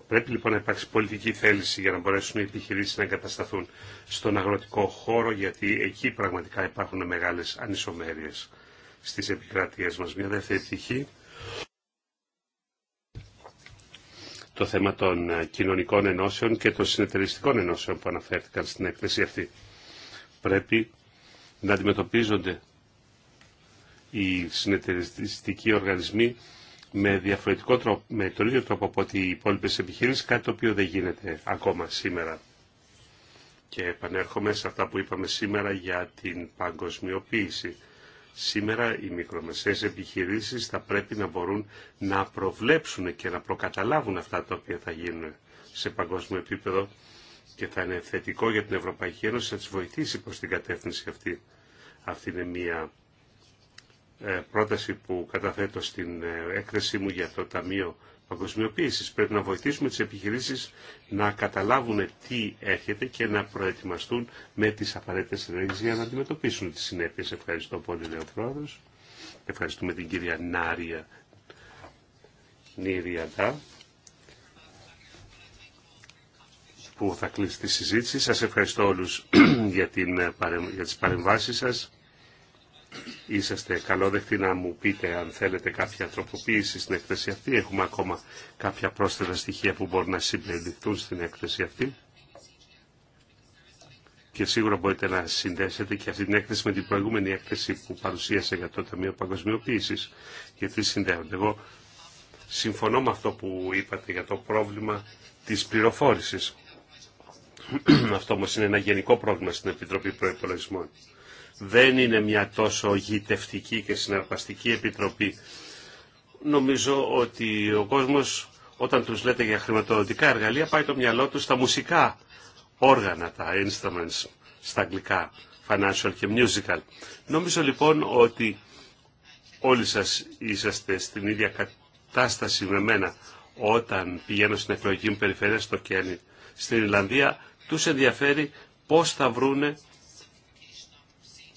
Πρέπει λοιπόν να υπάρξει πολιτική θέληση για να μπορέσουν οι επιχειρήσεις να εγκατασταθούν στον αγροτικό χώρο, γιατί εκεί πραγματικά υπάρχουν μεγάλες ανισομέρειες στις επικρατείες μας. Μια δεύτερη πτυχή, το θέμα των ε, κοινωνικών ενώσεων και των συνεταιριστικών ενώσεων που αναφέρθηκαν στην έκθεση αυτή. Πρέπει να αντιμετωπίζονται οι συνεταιριστικοί οργανισμοί με διαφορετικό τρόπο, με τον ίδιο τρόπο από ότι οι υπόλοιπε επιχειρήσει, κάτι το οποίο δεν γίνεται ακόμα σήμερα. Και επανέρχομαι σε αυτά που είπαμε σήμερα για την παγκοσμιοποίηση. Σήμερα οι μικρομεσαίες επιχειρήσεις θα πρέπει να μπορούν να προβλέψουν και να προκαταλάβουν αυτά τα οποία θα γίνουν σε παγκόσμιο επίπεδο και θα είναι θετικό για την Ευρωπαϊκή Ένωση να τις βοηθήσει προς την κατεύθυνση αυτή. Αυτή είναι μια ε, πρόταση που καταθέτω στην ε, έκθεσή μου για το Ταμείο Παγκοσμιοποίησης. Πρέπει να βοηθήσουμε τις επιχειρήσεις να καταλάβουν τι έρχεται και να προετοιμαστούν με τις απαραίτητες ενέργειες για να αντιμετωπίσουν τις συνέπειες. Ευχαριστώ πολύ, λέει ο Ευχαριστούμε την κυρία Νάρια Νίριαντά που θα κλείσει τη συζήτηση. Σας ευχαριστώ όλους για, την, ε, για τις παρεμβάσεις σας είσαστε καλόδεκτοι να μου πείτε αν θέλετε κάποια τροποποίηση στην έκθεση αυτή. Έχουμε ακόμα κάποια πρόσθετα στοιχεία που μπορούν να συμπεριληφθούν στην έκθεση αυτή. Και σίγουρα μπορείτε να συνδέσετε και αυτή την έκθεση με την προηγούμενη έκθεση που παρουσίασε για το Ταμείο Παγκοσμιοποίηση. Γιατί συνδέονται. Εγώ συμφωνώ με αυτό που είπατε για το πρόβλημα τη πληροφόρηση. αυτό όμω είναι ένα γενικό πρόβλημα στην Επιτροπή Προπολογισμών δεν είναι μια τόσο γητευτική και συναρπαστική επιτροπή. Νομίζω ότι ο κόσμος όταν τους λέτε για χρηματοδοτικά εργαλεία πάει το μυαλό του στα μουσικά όργανα, τα instruments στα αγγλικά, financial και musical. Νομίζω λοιπόν ότι όλοι σας είσαστε στην ίδια κατάσταση με μένα όταν πηγαίνω στην εκλογική μου περιφέρεια στο Κέννη, στην Ιρλανδία, τους ενδιαφέρει πώς θα βρούνε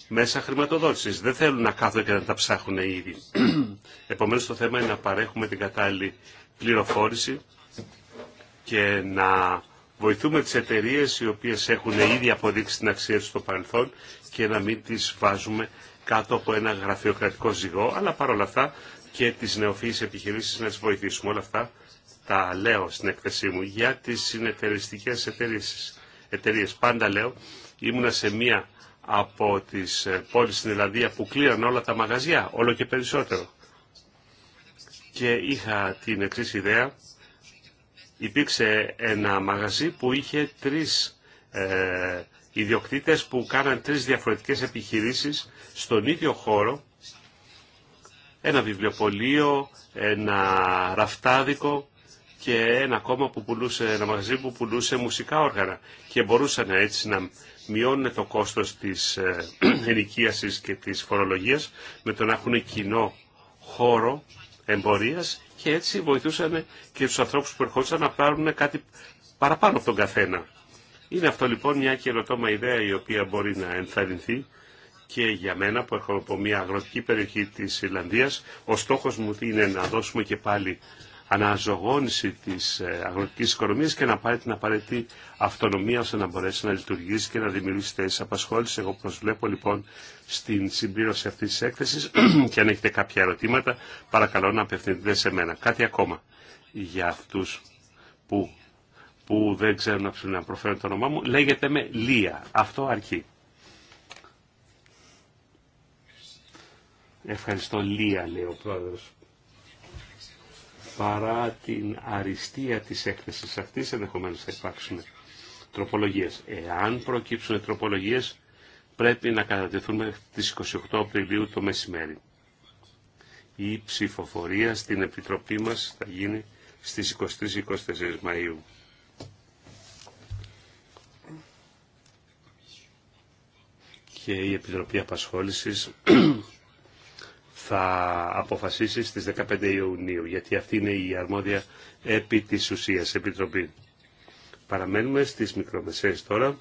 μέσα χρηματοδότησης. Δεν θέλουν να κάθονται και να τα ψάχνουν ήδη. Επομένως το θέμα είναι να παρέχουμε την κατάλληλη πληροφόρηση και να βοηθούμε τις εταιρείε οι οποίες έχουν ήδη αποδείξει την αξία τους στο παρελθόν και να μην τις βάζουμε κάτω από ένα γραφειοκρατικό ζυγό, αλλά παρόλα αυτά και τις νεοφύης επιχειρήσεις να τις βοηθήσουμε. Όλα αυτά τα λέω στην εκθεσή μου για τις συνεταιριστικές εταιρείε. Πάντα λέω, ήμουνα σε μία από τις ε, πόλεις στην Ελλανδία που κλείαν όλα τα μαγαζιά, όλο και περισσότερο. Και είχα την εξή ιδέα, υπήρξε ένα μαγαζί που είχε τρεις ε, ιδιοκτήτες που κάναν τρεις διαφορετικές επιχειρήσεις στον ίδιο χώρο, ένα βιβλιοπωλείο, ένα ραφτάδικο και ένα ακόμα που πουλούσε, ένα μαγαζί που πουλούσε μουσικά όργανα και μπορούσαν έτσι να μειώνουν το κόστος της ε, ενοικίασης και της φορολογίας με το να έχουν κοινό χώρο εμπορίας και έτσι βοηθούσαν και τους ανθρώπους που ερχόντουσαν να πάρουν κάτι παραπάνω από τον καθένα. Είναι αυτό λοιπόν μια καινοτόμα ιδέα η οποία μπορεί να ενθαρρυνθεί και για μένα που έρχομαι από μια αγροτική περιοχή της Ιρλανδίας. Ο στόχος μου είναι να δώσουμε και πάλι αναζωγόνηση της ε, αγροτικής οικονομίας και να πάρει την απαραίτητη αυτονομία ώστε να μπορέσει να λειτουργήσει και να δημιουργήσει θέσει απασχόληση. Εγώ προσβλέπω λοιπόν στην συμπλήρωση αυτής της έκθεσης και αν έχετε κάποια ερωτήματα παρακαλώ να απευθυνθείτε σε μένα. Κάτι ακόμα για αυτούς που, που δεν ξέρουν να προφέρουν το όνομά μου. Λέγεται με Λία. Αυτό αρκεί. Ευχαριστώ Λία λέει ο πρόεδρος παρά την αριστεία της έκθεσης αυτής, ενδεχομένως θα υπάρξουν τροπολογίες. Εάν προκύψουν τροπολογίες, πρέπει να κατατεθούν μέχρι 28 Απριλίου το μεσημέρι. Η ψηφοφορία στην Επιτροπή μας θα γίνει στις 23-24 Μαΐου. Και η Επιτροπή Απασχόλησης θα αποφασίσει στις 15 Ιουνίου, γιατί αυτή είναι η αρμόδια επί της ουσίας επιτροπή. Παραμένουμε στις μικρομεσαίες τώρα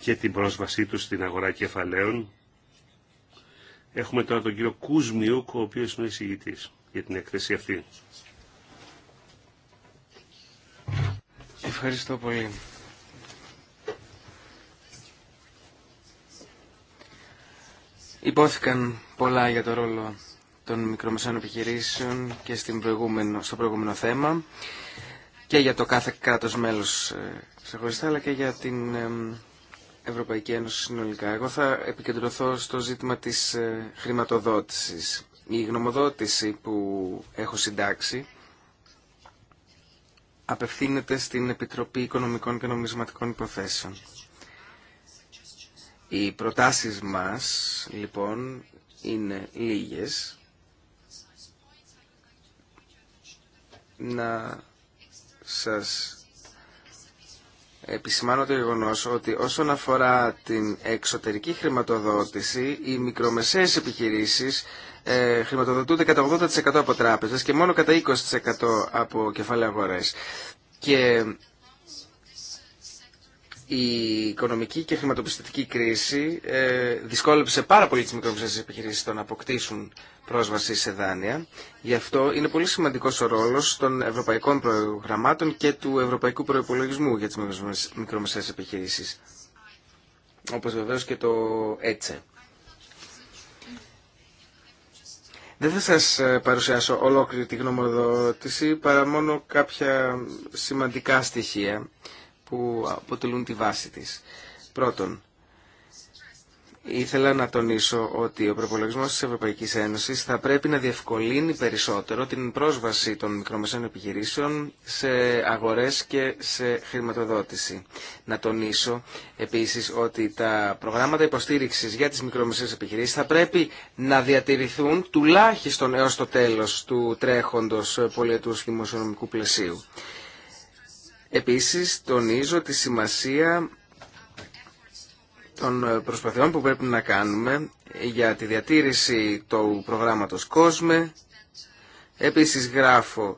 και την πρόσβασή τους στην αγορά κεφαλαίων. Έχουμε τώρα τον κύριο Κούσμιουκ, ο οποίος είναι εισηγητής για την έκθεση αυτή. Ευχαριστώ πολύ. Υπόθηκαν πολλά για το ρόλο των μικρομεσαίων επιχειρήσεων και στην προηγούμενο, στο προηγούμενο θέμα και για το κάθε κράτος μέλος ε, ξεχωριστά αλλά και για την Ευρωπαϊκή Ένωση συνολικά. Εγώ θα επικεντρωθώ στο ζήτημα της ε, χρηματοδότησης. Η γνωμοδότηση που έχω συντάξει απευθύνεται στην Επιτροπή Οικονομικών και Νομισματικών Υποθέσεων. Οι προτάσεις μας, λοιπόν, είναι λίγες. Να σας επισημάνω το γεγονό ότι όσον αφορά την εξωτερική χρηματοδότηση, οι μικρομεσαίες επιχειρήσεις ε, χρηματοδοτούνται κατά 80% από τράπεζες και μόνο κατά 20% από κεφάλαια αγορές. Και η οικονομική και χρηματοπιστωτική κρίση ε, δυσκόλεψε πάρα πολύ τις μικρομεσαίες επιχειρήσεις το να αποκτήσουν πρόσβαση σε δάνεια. Γι' αυτό είναι πολύ σημαντικός ο ρόλος των ευρωπαϊκών προγραμμάτων και του ευρωπαϊκού προϋπολογισμού για τις μικρομεσαίες επιχειρήσεις. Όπως βεβαίως και το ΕΤΣΕ. Δεν θα σας ε, παρουσιάσω ολόκληρη τη γνωμοδότηση, παρά μόνο κάποια σημαντικά στοιχεία που αποτελούν τη βάση της. Πρώτον, ήθελα να τονίσω ότι ο προπολογισμό της Ευρωπαϊκής Ένωσης θα πρέπει να διευκολύνει περισσότερο την πρόσβαση των μικρομεσαίων επιχειρήσεων σε αγορές και σε χρηματοδότηση. Να τονίσω επίσης ότι τα προγράμματα υποστήριξης για τις μικρομεσαίες επιχειρήσεις θα πρέπει να διατηρηθούν τουλάχιστον έως το τέλος του τρέχοντος πολιετούς δημοσιονομικού πλαισίου. Επίσης, τονίζω τη σημασία των προσπαθειών που πρέπει να κάνουμε για τη διατήρηση του προγράμματος COSME. Επίσης, γράφω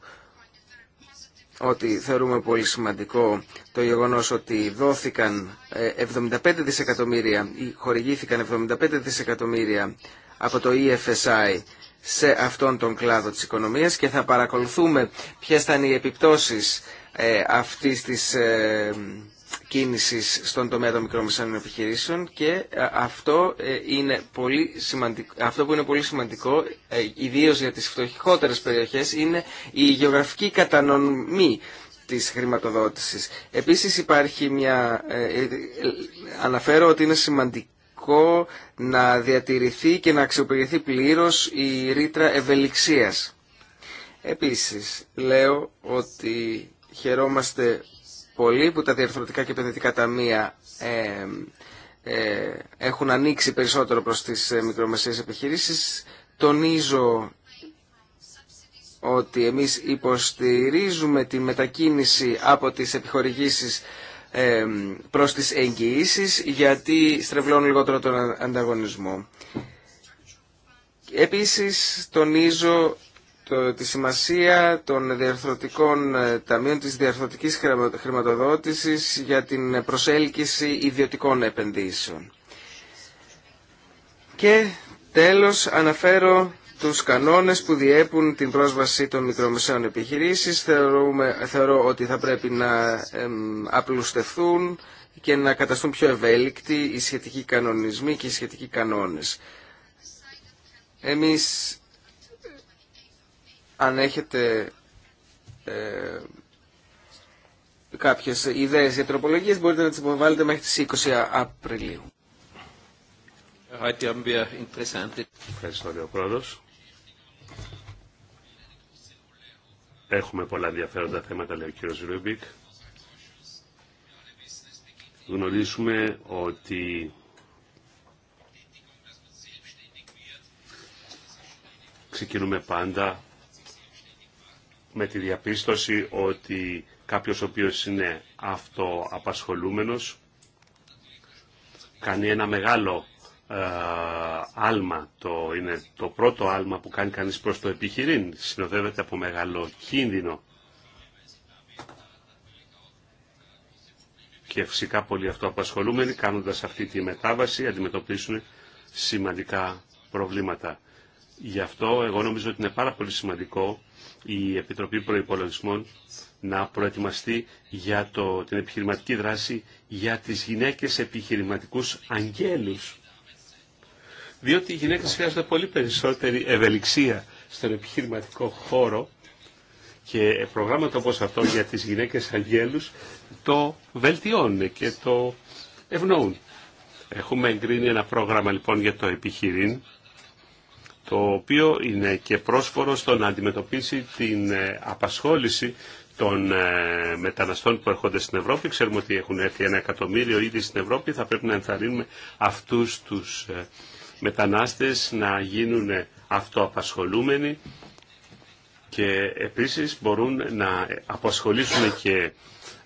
ότι θεωρούμε πολύ σημαντικό το γεγονός ότι δόθηκαν 75 ε, δισεκατομμύρια ή χορηγήθηκαν 75 δισεκατομμύρια από το EFSI σε αυτόν τον κλάδο της οικονομίας και θα παρακολουθούμε ποιες θα είναι οι επιπτώσεις ε, αυτής της ε, κίνησης στον τομέα των μικρομεσαίων επιχειρήσεων και ε, αυτό, είναι πολύ αυτό που είναι πολύ σημαντικό, ιδίως για τις φτωχικότερες περιοχές, είναι η γεωγραφική κατανομή της χρηματοδότησης. Επίσης υπάρχει μια... αναφέρω ότι είναι σημαντικό να διατηρηθεί και να αξιοποιηθεί πλήρως η ρήτρα ευελιξίας. Επίσης, λέω ότι χαιρόμαστε πολύ που τα διαρθρωτικά και επενδυτικά ταμεία ε, ε, έχουν ανοίξει περισσότερο προς τις ε, μικρομεσαίες επιχειρήσεις. Τονίζω ότι εμείς υποστηρίζουμε τη μετακίνηση από τις επιχορηγήσεις προς τις εγγυήσεις γιατί στρεβλώνουν λιγότερο τον ανταγωνισμό. Επίσης τονίζω το, τη σημασία των διαρθρωτικών ε, ταμείων της διαρθρωτικής χρηματοδότησης για την προσέλκυση ιδιωτικών επενδύσεων. Και τέλος αναφέρω τους κανόνες που διέπουν την πρόσβαση των μικρομεσαίων επιχειρήσεων Θεωρούμε, θεωρώ ότι θα πρέπει να εμ, και να καταστούν πιο ευέλικτοι οι σχετικοί κανονισμοί και οι σχετικοί κανόνες. Εμείς, αν έχετε ε, κάποιες ιδέες για τροπολογίες, μπορείτε να τις υποβάλλετε μέχρι τις 20 Απριλίου. Ευχαριστώ, Λεοπρόεδρος. Έχουμε πολλά ενδιαφέροντα θέματα, λέει ο κύριος Ρούμπικ. Γνωρίζουμε ότι ξεκινούμε πάντα με τη διαπίστωση ότι κάποιος ο οποίος είναι αυτοαπασχολούμενος κάνει ένα μεγάλο ε, άλμα, το, είναι το πρώτο άλμα που κάνει κανείς προς το επιχειρήν, συνοδεύεται από μεγάλο κίνδυνο. Και φυσικά πολλοί αυτοαπασχολούμενοι κάνοντας αυτή τη μετάβαση αντιμετωπίσουν σημαντικά προβλήματα. Γι' αυτό εγώ νομίζω ότι είναι πάρα πολύ σημαντικό η Επιτροπή Προϋπολογισμών να προετοιμαστεί για το, την επιχειρηματική δράση για τις γυναίκες επιχειρηματικούς αγγέλους διότι οι γυναίκες χρειάζονται πολύ περισσότερη ευελιξία στον επιχειρηματικό χώρο και προγράμματα όπως αυτό για τις γυναίκες αγγέλους το βελτιώνουν και το ευνοούν. Έχουμε εγκρίνει ένα πρόγραμμα λοιπόν για το επιχειρήν το οποίο είναι και πρόσφορο στο να αντιμετωπίσει την ε, απασχόληση των ε, μεταναστών που έρχονται στην Ευρώπη. Ξέρουμε ότι έχουν έρθει ένα εκατομμύριο ήδη στην Ευρώπη. Θα πρέπει να ενθαρρύνουμε αυτούς τους ε, μετανάστες να γίνουν αυτοαπασχολούμενοι και επίσης μπορούν να απασχολήσουν και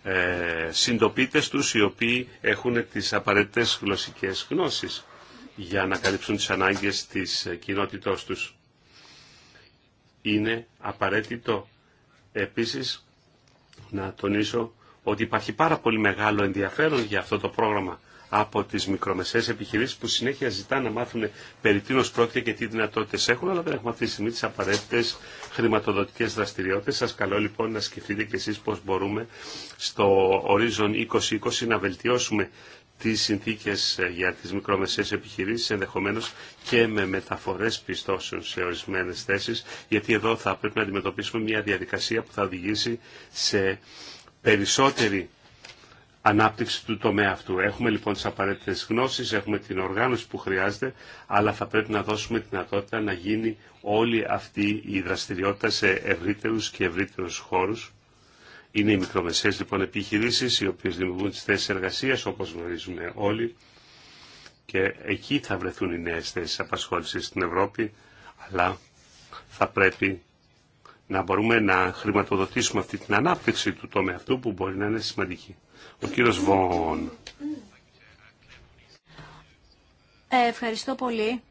ε, συντοπίτες τους οι οποίοι έχουν τις απαραίτητες γλωσσικές γνώσεις για να καλύψουν τις ανάγκες της κοινότητός τους. Είναι απαραίτητο επίσης να τονίσω ότι υπάρχει πάρα πολύ μεγάλο ενδιαφέρον για αυτό το πρόγραμμα από τις μικρομεσαίες επιχειρήσεις που συνέχεια ζητά να μάθουν περί τίνος πρόκειται και τι δυνατότητες έχουν, αλλά δεν έχουμε αυτή τη στιγμή τις απαραίτητες χρηματοδοτικές δραστηριότητες. Σας καλώ λοιπόν να σκεφτείτε και εσείς πώς μπορούμε στο ορίζον 2020 να βελτιώσουμε τις συνθήκες ε, για τις μικρομεσαίες επιχειρήσεις, ενδεχομένως και με μεταφορές πιστώσεων σε ορισμένες θέσεις, γιατί εδώ θα πρέπει να αντιμετωπίσουμε μια διαδικασία που θα οδηγήσει σε περισσότερη ανάπτυξη του τομέα αυτού. Έχουμε λοιπόν τις απαραίτητες γνώσεις, έχουμε την οργάνωση που χρειάζεται, αλλά θα πρέπει να δώσουμε τη δυνατότητα να γίνει όλη αυτή η δραστηριότητα σε ευρύτερους και ευρύτερους χώρους. Είναι οι μικρομεσαίες λοιπόν επιχειρήσεις, οι οποίες δημιουργούν τις θέσεις εργασίας, όπως γνωρίζουμε όλοι, και εκεί θα βρεθούν οι νέες θέσεις απασχόλησης στην Ευρώπη, αλλά θα πρέπει να μπορούμε να χρηματοδοτήσουμε αυτή την ανάπτυξη του τομέα αυτού που μπορεί να είναι σημαντική. Ο κύριος Βόν. Ε, ευχαριστώ πολύ.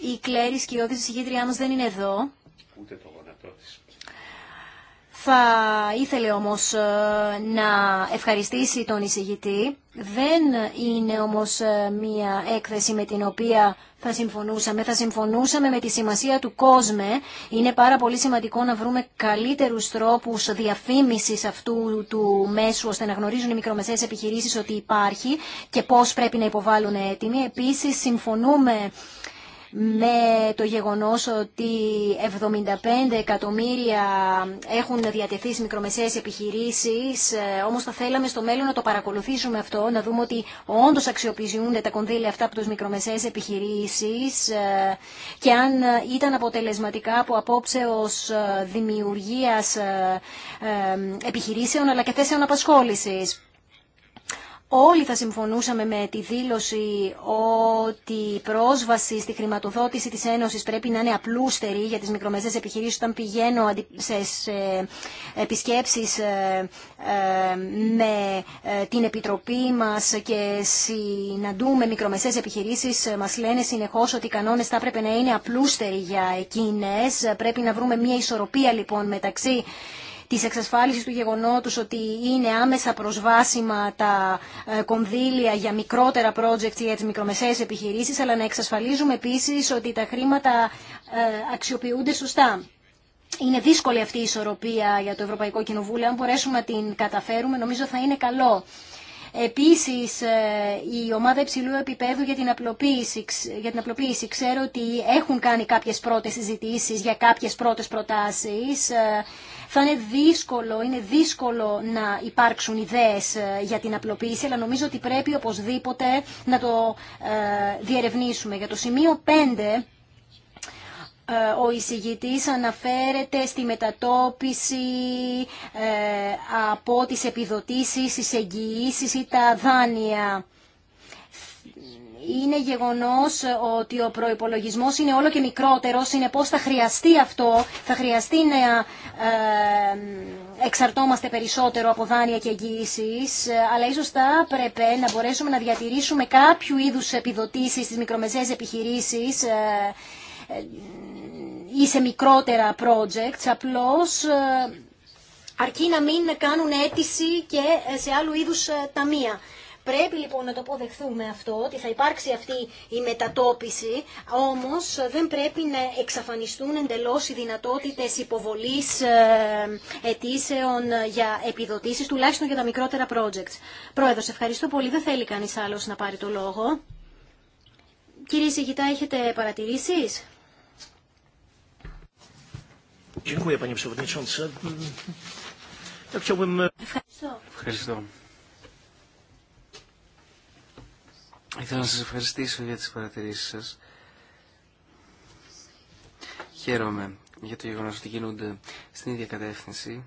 Η Κλέρη και η μας, δεν είναι εδώ. Ούτε το γονατό θα ήθελε όμως ε, να ευχαριστήσει τον εισηγητή. Δεν είναι όμως ε, μία έκθεση με την οποία θα συμφωνούσαμε. Θα συμφωνούσαμε με τη σημασία του κόσμου. Είναι πάρα πολύ σημαντικό να βρούμε καλύτερους τρόπους διαφήμισης αυτού του μέσου, ώστε να γνωρίζουν οι μικρομεσαίες επιχειρήσεις ότι υπάρχει και πώς πρέπει να υποβάλουν έτοιμοι. Επίσης, συμφωνούμε με το γεγονός ότι 75 εκατομμύρια έχουν διατεθεί στις μικρομεσαίες επιχειρήσεις, ε, όμως θα θέλαμε στο μέλλον να το παρακολουθήσουμε αυτό, να δούμε ότι όντως αξιοποιούνται τα κονδύλια αυτά από τις μικρομεσαίες επιχειρήσεις ε, και αν ε, ήταν αποτελεσματικά από απόψε ως δημιουργίας επιχειρήσεων αλλά και θέσεων απασχόλησης. Όλοι θα συμφωνούσαμε με τη δήλωση ότι η πρόσβαση στη χρηματοδότηση της Ένωσης πρέπει να είναι απλούστερη για τις μικρομεσαίες επιχειρήσεις όταν πηγαίνω σε επισκέψεις ε, ε, με ε, την Επιτροπή μας και συναντούμε μικρομεσαίες επιχειρήσεις μας λένε συνεχώς ότι οι κανόνες θα πρέπει να είναι απλούστεροι για εκείνες. Πρέπει να βρούμε μια ισορροπία λοιπόν μεταξύ της εξασφάλισης του γεγονότος ότι είναι άμεσα προσβάσιμα τα ε, κονδύλια για μικρότερα projects ή για μικρομεσαίες επιχειρήσεις, αλλά να εξασφαλίζουμε επίσης ότι τα χρήματα ε, αξιοποιούνται σωστά. Είναι δύσκολη αυτή η ισορροπία για το Ευρωπαϊκό Κοινοβούλιο. Αν μπορέσουμε να την καταφέρουμε, νομίζω θα είναι καλό. Επίσης, ε, η ομάδα υψηλού επίπεδου για την απλοποίηση, για την απλοποίηση ξέρω ότι έχουν κάνει κάποιες πρώτε συζητήσει για κάποιες πρώτε προτάσεις. Ε, θα είναι δύσκολο, είναι δύσκολο να υπάρξουν ιδέες ε, για την απλοποίηση, αλλά νομίζω ότι πρέπει οπωσδήποτε να το διερευνήσουμε. Για το σημείο 5 ε, ο εισηγητής αναφέρεται στη μετατόπιση ε, από τις επιδοτήσεις, τις εγγυήσεις ή τα δάνεια. Είναι γεγονός ότι ο προϋπολογισμός είναι όλο και μικρότερος, είναι πώς θα χρειαστεί αυτό, θα χρειαστεί να ε, εξαρτώμαστε περισσότερο από δάνεια και εγγύησεις, αλλά ίσως θα έπρεπε να μπορέσουμε να διατηρήσουμε κάποιου είδους επιδοτήσεις στις μικρομεσαίες επιχειρήσεις, ή σε μικρότερα projects, απλώς ε, αρκεί να μην κάνουν αίτηση και ε, σε άλλου είδους ε, ταμεία. Πρέπει λοιπόν να το αποδεχθούμε αυτό, ότι θα υπάρξει αυτή η μετατόπιση, όμως δεν πρέπει να εξαφανιστούν εντελώς οι δυνατότητες υποβολής αιτήσεων για επιδοτήσεις, τουλάχιστον για τα μικρότερα projects. Πρόεδρος, ευχαριστώ πολύ. Δεν θέλει κανείς άλλος να πάρει το λόγο. Κύριε Σιγητά, έχετε παρατηρήσεις. E, Ευχαριστώ. Ευχαριστώ. Ήθελα να σας ευχαριστήσω για τις παρατηρήσεις σας. Χαίρομαι για το γεγονός ότι κινούνται στην ίδια κατεύθυνση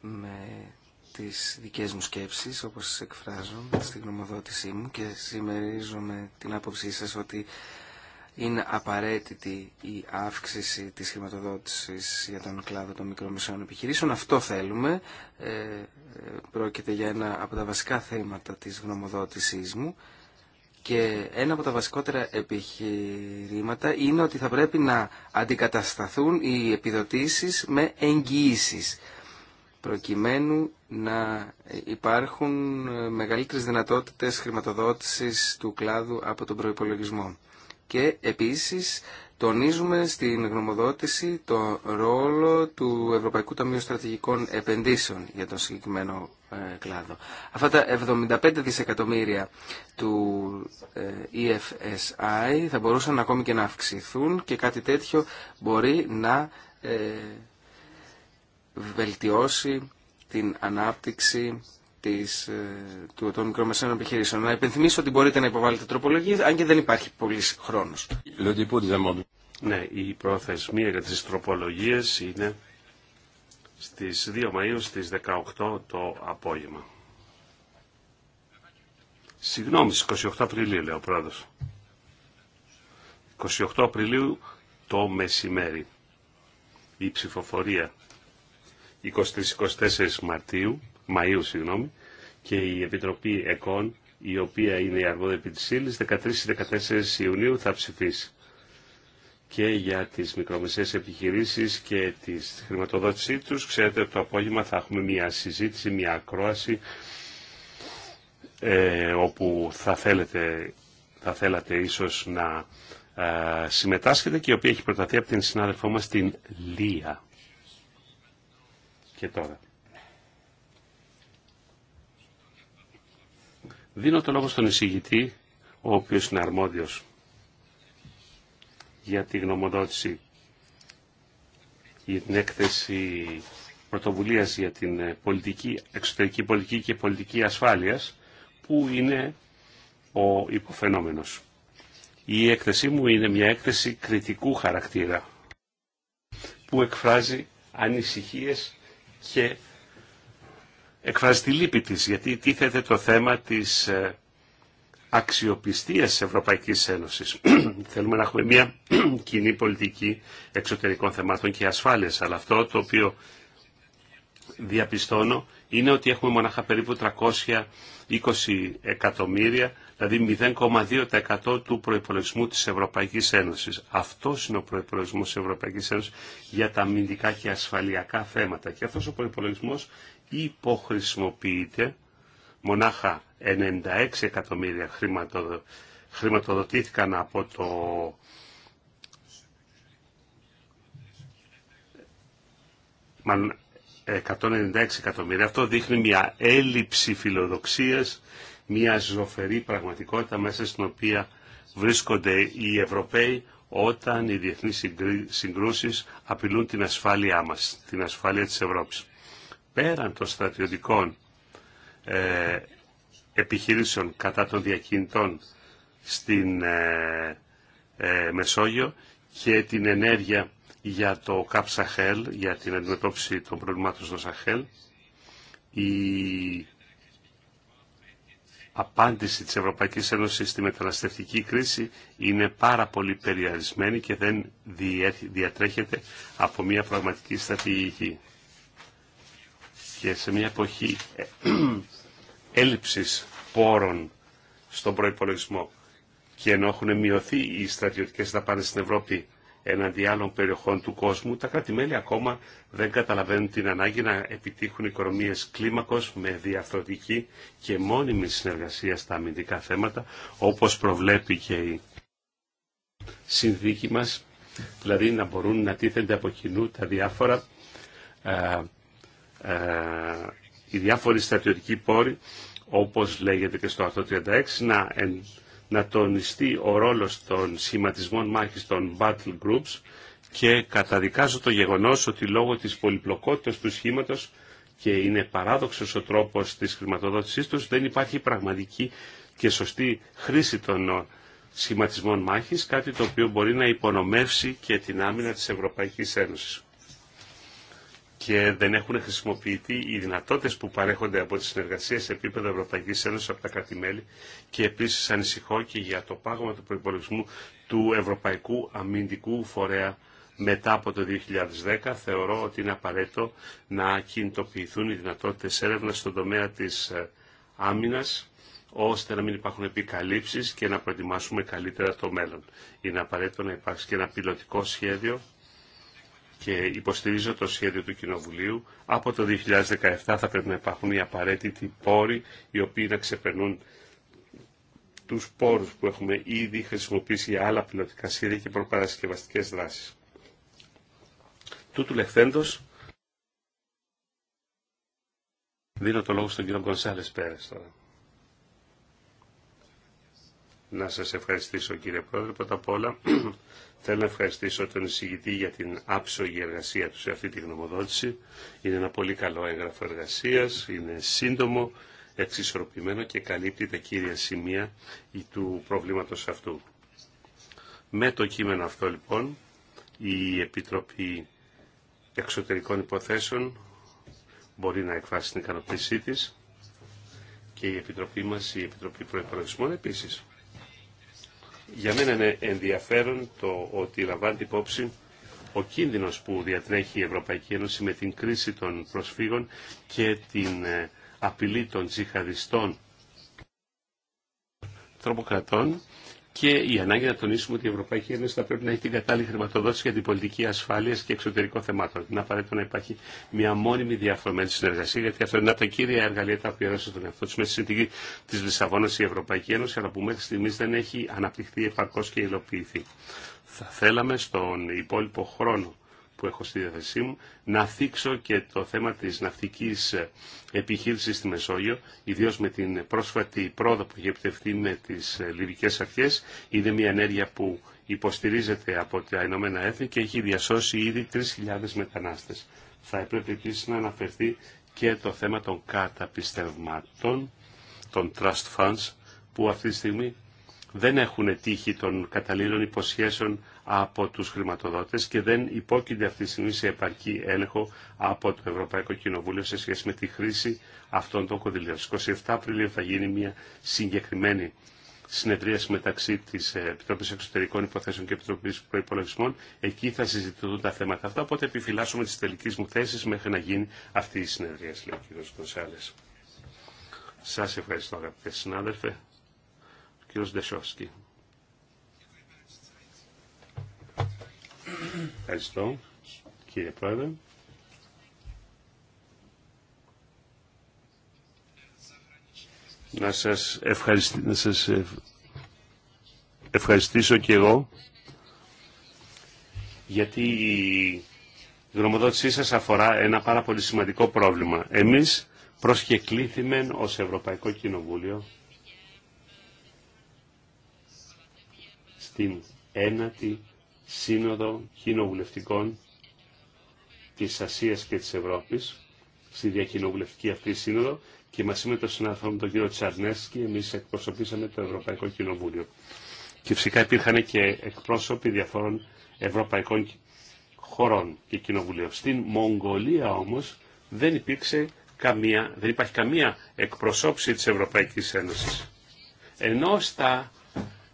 με τις δικές μου σκέψεις, όπως εκφράζω στην γνωμοδότησή μου και συμμερίζομαι την άποψή σας ότι είναι απαραίτητη η αύξηση της χρηματοδότησης για τον κλάδο των μικρομεσαίων επιχειρήσεων. Αυτό θέλουμε. Ε, πρόκειται για ένα από τα βασικά θέματα της γνωμοδότησής μου. Και ένα από τα βασικότερα επιχειρήματα είναι ότι θα πρέπει να αντικατασταθούν οι επιδοτήσεις με εγγυήσεις προκειμένου να υπάρχουν μεγαλύτερες δυνατότητες χρηματοδότησης του κλάδου από τον προϋπολογισμό και επίσης τονίζουμε στην γνωμοδότηση το ρόλο του Ευρωπαϊκού Ταμείου Στρατηγικών Επενδύσεων για τον συγκεκριμένο ε, κλάδο. Αυτά τα 75 δισεκατομμύρια του ε, EFSI θα μπορούσαν ακόμη και να αυξηθούν και κάτι τέτοιο μπορεί να ε, βελτιώσει την ανάπτυξη της, ε, του, των μικρομεσαίων επιχειρήσεων. Να υπενθυμίσω ότι μπορείτε να υποβάλλετε τροπολογίες, αν και δεν υπάρχει πολύ χρόνος. Ναι, η προθεσμία για τις τροπολογίες είναι στις 2 Μαΐου στις 18 το απόγευμα. Συγγνώμη, στις 28 Απριλίου λέει ο πρόεδρος. 28 Απριλίου το μεσημέρι. Η ψηφοφορία 23-24 Μαρτίου Μαΐου, συγγνώμη, και η Επιτροπή ΕΚΟΝ, η οποία είναι η αρμόδια επί της ύλης, 13-14 Ιουνίου θα ψηφίσει και για τις μικρομεσαίες επιχειρήσεις και τη χρηματοδότησή τους. Ξέρετε ότι το απόγευμα θα έχουμε μια συζήτηση, μια ακρόαση, ε, όπου θα, θέλετε, θα θέλατε ίσως να ε, συμμετάσχετε και η οποία έχει προταθεί από την συνάδελφό μας την Λία. Και τώρα. Δίνω το λόγο στον εισηγητή, ο οποίος είναι αρμόδιος για τη γνωμοδότηση, για την έκθεση πρωτοβουλίας για την ε, πολιτική, εξωτερική πολιτική και πολιτική ασφάλειας, που είναι ο υποφαινόμενος. Η έκθεσή μου είναι μια έκθεση κριτικού χαρακτήρα, που εκφράζει ανησυχίες και εκφράζει τη λύπη της, γιατί τίθεται το θέμα της ε, αξιοπιστίας της Ευρωπαϊκής Ένωσης. Θέλουμε να έχουμε μια κοινή πολιτική εξωτερικών θεμάτων και ασφάλειας, αλλά αυτό το οποίο διαπιστώνω είναι ότι έχουμε μονάχα περίπου 320 εκατομμύρια, δηλαδή 0,2% του προϋπολογισμού της Ευρωπαϊκής Ένωσης. Αυτό είναι ο προϋπολογισμός της Ευρωπαϊκής Ένωσης για τα αμυντικά και ασφαλιακά θέματα. Και αυτός ο προϋπολογισμός υποχρησιμοποιείται. Μονάχα 96 εκατομμύρια χρηματοδο... χρηματοδοτήθηκαν από το μάλλον 196 εκατομμύρια. Αυτό δείχνει μια έλλειψη φιλοδοξίας, μια ζωφερή πραγματικότητα μέσα στην οποία βρίσκονται οι Ευρωπαίοι όταν οι διεθνείς συγκρούσεις απειλούν την ασφάλειά μας, την ασφάλεια της Ευρώπης πέραν των στρατιωτικών ε, επιχειρήσεων κατά των διακινητών στην ε, ε, Μεσόγειο και την ενέργεια για το ΚΑΠ Σαχέλ, για την αντιμετώπιση των προβλημάτων στο Σαχέλ. Η απάντηση της Ευρωπαϊκής Ένωσης στη μεταναστευτική κρίση είναι πάρα πολύ περιορισμένη και δεν διατρέχεται από μια πραγματική στρατηγική και σε μια εποχή ε, έλλειψης πόρων στον προϋπολογισμό και ενώ έχουν μειωθεί οι στρατιωτικές δαπάνες στην Ευρώπη εναντί άλλων περιοχών του κόσμου, τα κρατη ακόμα δεν καταλαβαίνουν την ανάγκη να επιτύχουν οικονομίες κλίμακος με διαφθορτική και μόνιμη συνεργασία στα αμυντικά θέματα, όπως προβλέπει και η συνθήκη μας, δηλαδή να μπορούν να τίθενται από κοινού τα διάφορα ε, ε, οι διάφοροι στρατιωτικοί πόροι, όπως λέγεται και στο άρθρο να, να τονιστεί ο ρόλος των σχηματισμών μάχης των battle groups και καταδικάζω το γεγονός ότι λόγω της πολυπλοκότητας του σχήματος και είναι παράδοξος ο τρόπος της χρηματοδότησής τους, δεν υπάρχει πραγματική και σωστή χρήση των ε, σχηματισμών μάχης, κάτι το οποίο μπορεί να υπονομεύσει και την άμυνα της Ευρωπαϊκής Ένωσης και δεν έχουν χρησιμοποιηθεί οι δυνατότητε που παρέχονται από τι συνεργασίε σε επίπεδο Ευρωπαϊκή Ένωση από τα κράτη-μέλη και επίση ανησυχώ και για το πάγωμα του προϋπολογισμού του Ευρωπαϊκού Αμυντικού Φορέα μετά από το 2010 θεωρώ ότι είναι απαραίτητο να κινητοποιηθούν οι δυνατότητες έρευνας στον τομέα της ε, άμυνας ώστε να μην υπάρχουν επικαλύψεις και να προετοιμάσουμε καλύτερα το μέλλον. Είναι απαραίτητο να υπάρξει και ένα πιλωτικό σχέδιο και υποστηρίζω το σχέδιο του Κοινοβουλίου. Από το 2017 θα πρέπει να υπάρχουν οι απαραίτητοι πόροι οι οποίοι να ξεπερνούν τους πόρους που έχουμε ήδη χρησιμοποιήσει για άλλα πιλωτικά σχέδια και προπαρασκευαστικές δράσεις. Τούτου λεχθέντος, δίνω το λόγο στον κύριο Γκονσάλες Πέρες τώρα. Να σας ευχαριστήσω κύριε Πρόεδρε, πρώτα απ' όλα Θέλω να ευχαριστήσω τον εισηγητή για την άψογη εργασία του σε αυτή τη γνωμοδότηση. Είναι ένα πολύ καλό έγγραφο εργασίας, είναι σύντομο, εξισορροπημένο και καλύπτει τα κύρια σημεία του προβλήματος αυτού. Με το κείμενο αυτό λοιπόν, η Επιτροπή Εξωτερικών Υποθέσεων μπορεί να εκφράσει την ικανοποίησή της και η Επιτροπή μας, η Επιτροπή Προϋπολογισμών επίσης. Για μένα είναι ενδιαφέρον το ότι λαμβάνεται υπόψη ο κίνδυνος που διατρέχει η Ευρωπαϊκή Ένωση με την κρίση των προσφύγων και την ε, απειλή των τζιχαδιστών τρομοκρατών και η ανάγκη να τονίσουμε ότι η Ευρωπαϊκή Ένωση θα πρέπει να έχει την κατάλληλη χρηματοδότηση για την πολιτική ασφάλεια και εξωτερικό θεμάτων. Είναι απαραίτητο να υπάρχει μια μόνιμη διαφορεμένη συνεργασία, γιατί αυτό είναι από τα κύρια εργαλεία τα οποία έδωσε τον εαυτό τη μέσα τη συνθήκη τη Λισαβόνα η Ευρωπαϊκή Ένωση, αλλά που μέχρι στιγμή δεν έχει αναπτυχθεί επαρκώ και υλοποιηθεί. Θα θέλαμε στον υπόλοιπο χρόνο που έχω στη διάθεσή μου να θίξω και το θέμα της ναυτικής ε, επιχείρησης στη Μεσόγειο, ιδίως με την πρόσφατη πρόοδο που έχει επιτευχθεί με τις ε, λυρικές αρχές. Είναι μια ενέργεια που υποστηρίζεται από τα Ηνωμένα Έθνη και έχει διασώσει ήδη 3.000 μετανάστες. Θα έπρεπε επίσης να αναφερθεί και το θέμα των καταπιστευμάτων, των trust funds, που αυτή τη στιγμή δεν έχουν τύχη των καταλήλων υποσχέσεων από τους χρηματοδότες και δεν υπόκεινται αυτή τη στιγμή σε επαρκή έλεγχο από το Ευρωπαϊκό Κοινοβούλιο σε σχέση με τη χρήση αυτών των κονδυλίων. Στις 27 Απριλίου θα γίνει μια συγκεκριμένη συνεδρίαση μεταξύ της Επιτροπής Εξωτερικών Υποθέσεων και Επιτροπής Προϋπολογισμών. Εκεί θα συζητηθούν τα θέματα αυτά. Οπότε επιφυλάσσουμε τις τελικέ μου θέσεις μέχρι να γίνει αυτή η συνεδρίαση, λέει ο κ. Σας Σα ευχαριστώ, αγαπητέ συνάδελφε κύριος Ντεσόφσκι. Ευχαριστώ, κύριε Πρόεδρε. Να σας, ευχαριστη... να σας ε, ευχαριστήσω και εγώ γιατί η γνωμοδότησή σας αφορά ένα πάρα πολύ σημαντικό πρόβλημα. Εμείς προσκεκλήθημεν ως Ευρωπαϊκό Κοινοβούλιο στην ένατη Σύνοδο Κοινοβουλευτικών της Ασίας και της Ευρώπης, στη διακοινοβουλευτική αυτή σύνοδο και μαζί με τον συνάδελφο τον κύριο Τσαρνέσκι εμείς εκπροσωπήσαμε το Ευρωπαϊκό Κοινοβούλιο. Και φυσικά υπήρχαν και εκπρόσωποι διαφόρων ευρωπαϊκών χωρών και κοινοβουλίων. Στην Μογγολία όμως δεν υπήρξε καμία, δεν υπάρχει καμία εκπροσώψη της Ευρωπαϊκής Ένωσης. Ενώ στα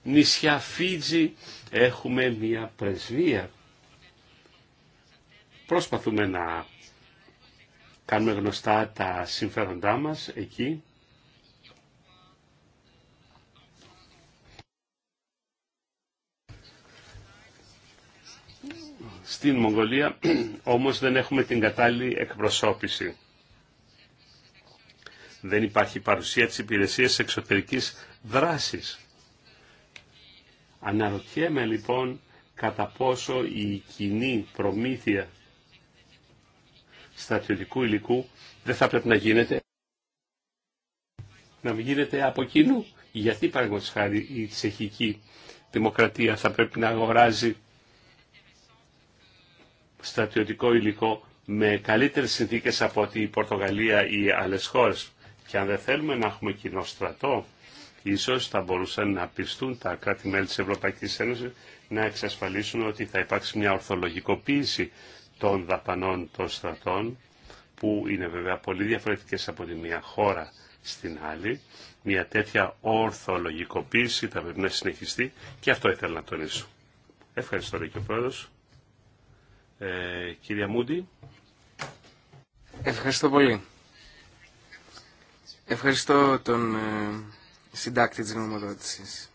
νησιά Φίτζη, έχουμε μια πρεσβεία. Προσπαθούμε να κάνουμε γνωστά τα συμφέροντά μας εκεί. Στην Μογγολία όμως δεν έχουμε την κατάλληλη εκπροσώπηση. Δεν υπάρχει παρουσία της υπηρεσίας εξωτερικής δράσης. Αναρωτιέμαι λοιπόν κατά πόσο η κοινή προμήθεια στρατιωτικού υλικού δεν θα πρέπει να γίνεται να γίνεται από κοινού. Γιατί παραγωγής χάρη η τσεχική δημοκρατία θα πρέπει να αγοράζει στρατιωτικό υλικό με καλύτερες συνθήκες από ότι η Πορτογαλία ή άλλες χώρες. Και αν δεν θέλουμε να έχουμε κοινό στρατό, Ίσως θα μπορούσαν να πιστούν τα κράτη-μέλη της Ευρωπαϊκής Ένωσης να εξασφαλίσουν ότι θα υπάρξει μια ορθολογικοποίηση των δαπανών των στρατών, που είναι βέβαια πολύ διαφορετικές από τη μια χώρα στην άλλη. Μια τέτοια ορθολογικοποίηση θα πρέπει να συνεχιστεί και αυτό ήθελα να τονίσω. Ευχαριστώ, Ρίκιο Πρόεδρος. Ε, κυρία Μούντι. Ευχαριστώ πολύ. Ευχαριστώ τον ε, συντάκτη της νομοδότησης.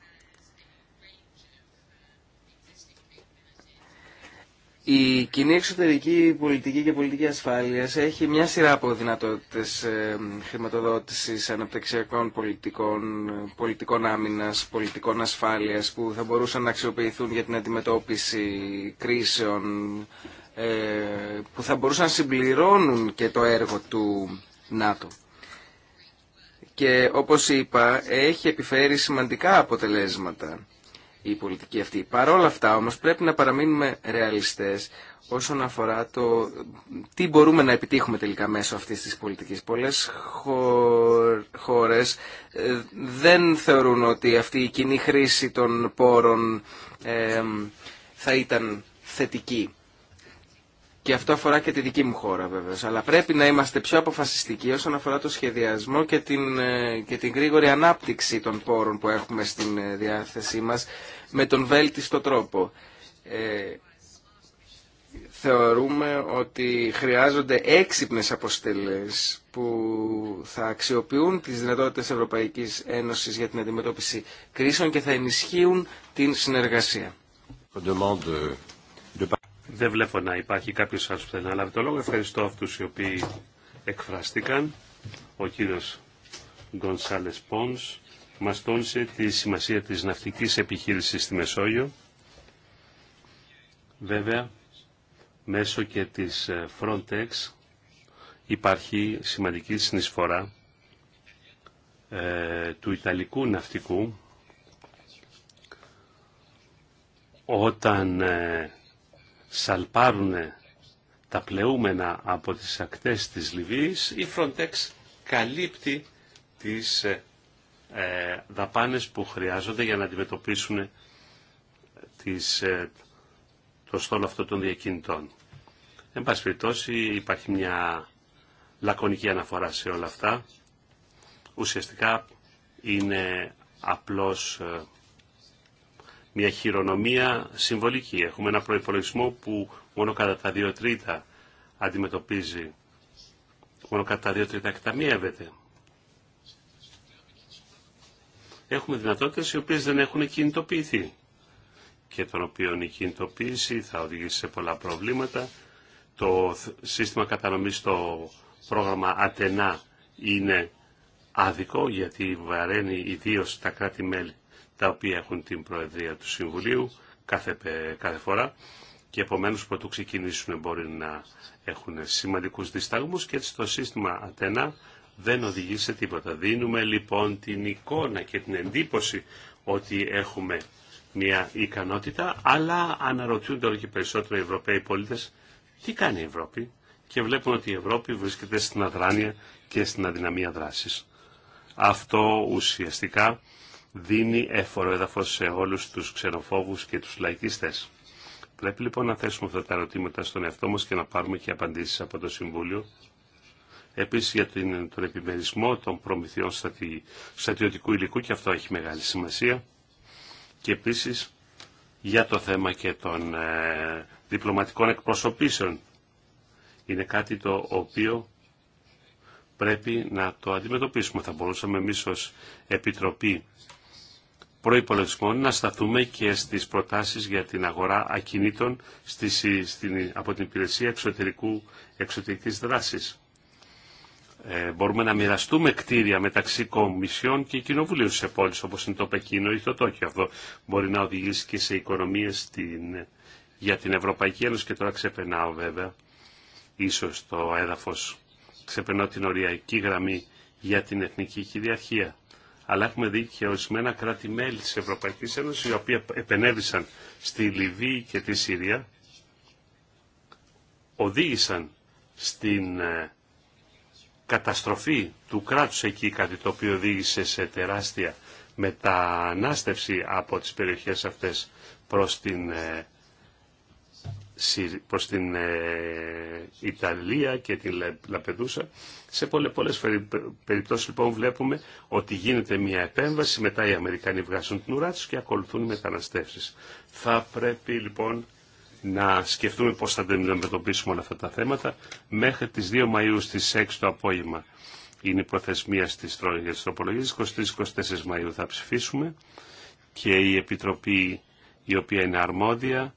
Η κοινή εξωτερική πολιτική και πολιτική ασφάλειας έχει μια σειρά από δυνατότητες ε, χρηματοδότησης αναπτυξιακών πολιτικών, πολιτικών άμυνας, πολιτικών ασφάλειας που θα μπορούσαν να αξιοποιηθούν για την αντιμετώπιση κρίσεων, ε, που θα μπορούσαν να συμπληρώνουν και το έργο του ΝΑΤΟ και όπως είπα έχει επιφέρει σημαντικά αποτελέσματα η πολιτική αυτή. Παρόλα αυτά όμως πρέπει να παραμείνουμε ρεαλιστές όσον αφορά το τι μπορούμε να επιτύχουμε τελικά μέσω αυτής της πολιτικής. Πολλές χώρες ε, δεν θεωρούν ότι αυτή η κοινή χρήση των πόρων ε, θα ήταν θετική. Και αυτό αφορά και τη δική μου χώρα βέβαια. Αλλά πρέπει να είμαστε πιο αποφασιστικοί όσον αφορά το σχεδιασμό και την, ε, και την γρήγορη ανάπτυξη των πόρων που έχουμε στην ε, διάθεσή μας με τον βέλτιστο τρόπο. Ε, θεωρούμε ότι χρειάζονται έξυπνες αποστελές που θα αξιοποιούν τις δυνατότητες Ευρωπαϊκής Ένωσης για την αντιμετώπιση κρίσεων και θα ενισχύουν την συνεργασία. Δεν βλέπω να υπάρχει κάποιο άλλο που θέλει να λάβει το λόγο. Ευχαριστώ αυτού οι οποίοι εκφράστηκαν. Ο κύριο Γκονσάλε Πόν μα τόνισε τη σημασία τη ναυτική επιχείρηση στη Μεσόγειο. Βέβαια, μέσω και της ε, Frontex υπάρχει σημαντική συνεισφορά ε, του Ιταλικού ναυτικού όταν ε, σαλπάρουν τα πλεούμενα από τις ακτές της Λιβύης, η Frontex καλύπτει τις ε, ε δαπάνες που χρειάζονται για να αντιμετωπίσουν τις, ε, το στόλο αυτό των διακινητών. Εν πάση περιπτώσει υπάρχει μια λακωνική αναφορά σε όλα αυτά. Ουσιαστικά είναι απλώς ε, μια χειρονομία συμβολική. Έχουμε ένα προϋπολογισμό που μόνο κατά τα δύο τρίτα αντιμετωπίζει, μόνο κατά τα δύο τρίτα εκταμιεύεται. Έχουμε δυνατότητες οι οποίες δεν έχουν κινητοποιηθεί και των οποίων η κινητοποίηση θα οδηγήσει σε πολλά προβλήματα. Το σύστημα κατανομής στο πρόγραμμα Ατενά είναι άδικο γιατί βαραίνει ιδίως τα κράτη-μέλη τα οποία έχουν την Προεδρία του Συμβουλίου κάθε, κάθε φορά και επομένως πρωτού ξεκινήσουν μπορεί να έχουν σημαντικούς διστάγμους και έτσι το σύστημα Ατένα δεν οδηγεί σε τίποτα. Δίνουμε λοιπόν την εικόνα και την εντύπωση ότι έχουμε μια ικανότητα, αλλά αναρωτιούνται όλο και περισσότερο οι Ευρωπαίοι πολίτες τι κάνει η Ευρώπη και βλέπουν ότι η Ευρώπη βρίσκεται στην αδράνεια και στην αδυναμία δράσης. Αυτό ουσιαστικά δίνει έφορο έδαφος σε όλους τους ξενοφόβους και τους λαϊκίστες. Πρέπει λοιπόν να θέσουμε αυτά τα ερωτήματα στον εαυτό μας και να πάρουμε και απαντήσεις από το Συμβούλιο. Επίσης για τον επιμερισμό των προμηθειών στρατιωτικού υλικού και αυτό έχει μεγάλη σημασία. Και επίσης για το θέμα και των ε, διπλωματικών εκπροσωπήσεων. Είναι κάτι το οποίο πρέπει να το αντιμετωπίσουμε. Θα μπορούσαμε εμείς ως Επιτροπή προϋπολογισμών να σταθούμε και στις προτάσεις για την αγορά ακινήτων στις, στην, από την υπηρεσία εξωτερικού, εξωτερικής δράσης. Ε, μπορούμε να μοιραστούμε κτίρια μεταξύ κομισιών και κοινοβουλίων σε πόλεις όπως είναι το Πεκίνο ή το Τόκιο. Αυτό μπορεί να οδηγήσει και σε οικονομίες για την Ευρωπαϊκή Ένωση και τώρα ξεπερνάω βέβαια ίσως το έδαφος ξεπερνώ την οριακή γραμμή για την εθνική κυριαρχία αλλά έχουμε δει και ορισμένα κράτη-μέλη της Ευρωπαϊκής Ένωσης, οι οποίοι επενέβησαν στη Λιβύη και τη Συρία, οδήγησαν στην ε, καταστροφή του κράτους εκεί, κάτι το οποίο οδήγησε σε τεράστια μετανάστευση από τις περιοχές αυτές προς την ε, προς την ε, Ιταλία και την Λαπεδούσα. Σε πολλές, πολλές περιπτώσεις λοιπόν βλέπουμε ότι γίνεται μια επέμβαση, μετά οι Αμερικανοί βγάζουν την ουρά τους και ακολουθούν οι μεταναστεύσεις. Θα πρέπει λοιπόν να σκεφτούμε πώς θα αντιμετωπίσουμε όλα αυτά τα θέματα μέχρι τις 2 Μαΐου στις 6 το απόγευμα. Είναι η προθεσμία στις τροπολογίες, 23-24 Μαΐου θα ψηφίσουμε και η Επιτροπή η οποία είναι αρμόδια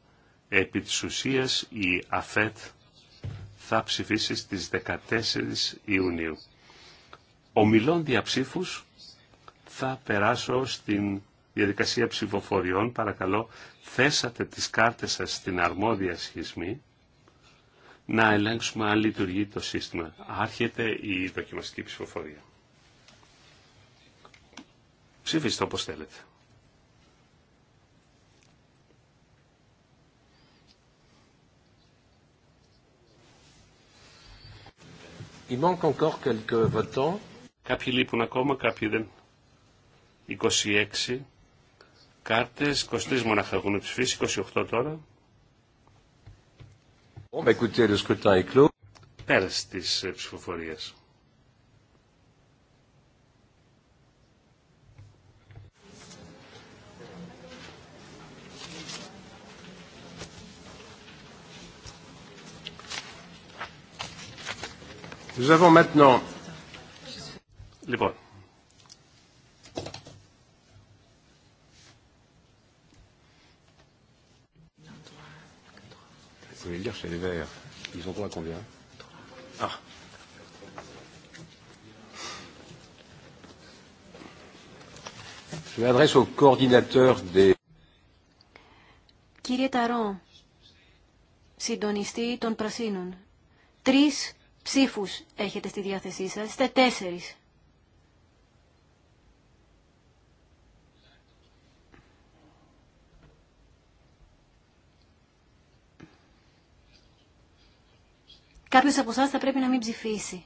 Επί της ουσίας η ΑΦΕΤ θα ψηφίσει στις 14 Ιουνίου. Ομιλών διαψήφους θα περάσω στην διαδικασία ψηφοφοριών. Παρακαλώ, θέσατε τις κάρτες σας στην αρμόδια σχισμή να ελέγξουμε αν λειτουργεί το σύστημα. Άρχεται η δοκιμαστική ψηφοφορία. Ψήφιστε όπως θέλετε. Κάποιοι λείπουν ακόμα, κάποιοι δεν. 26 κάρτες, 23 μονάχα έχουν ψηφίσει, 28 τώρα. Bon, τη ε, ψηφοφορία. Nous avons maintenant... Λοιπόν. Vous voulez dire chez les Verts Ils ont droit à combien Ah Je m'adresse au coordinateur des. Κύριε Ταρό, συντονιστή των Πρασίνων. Τρεις ψήφους έχετε στη διάθεσή σας. Είστε τέσσερις. Κάποιος από εσάς θα πρέπει να μην ψηφίσει.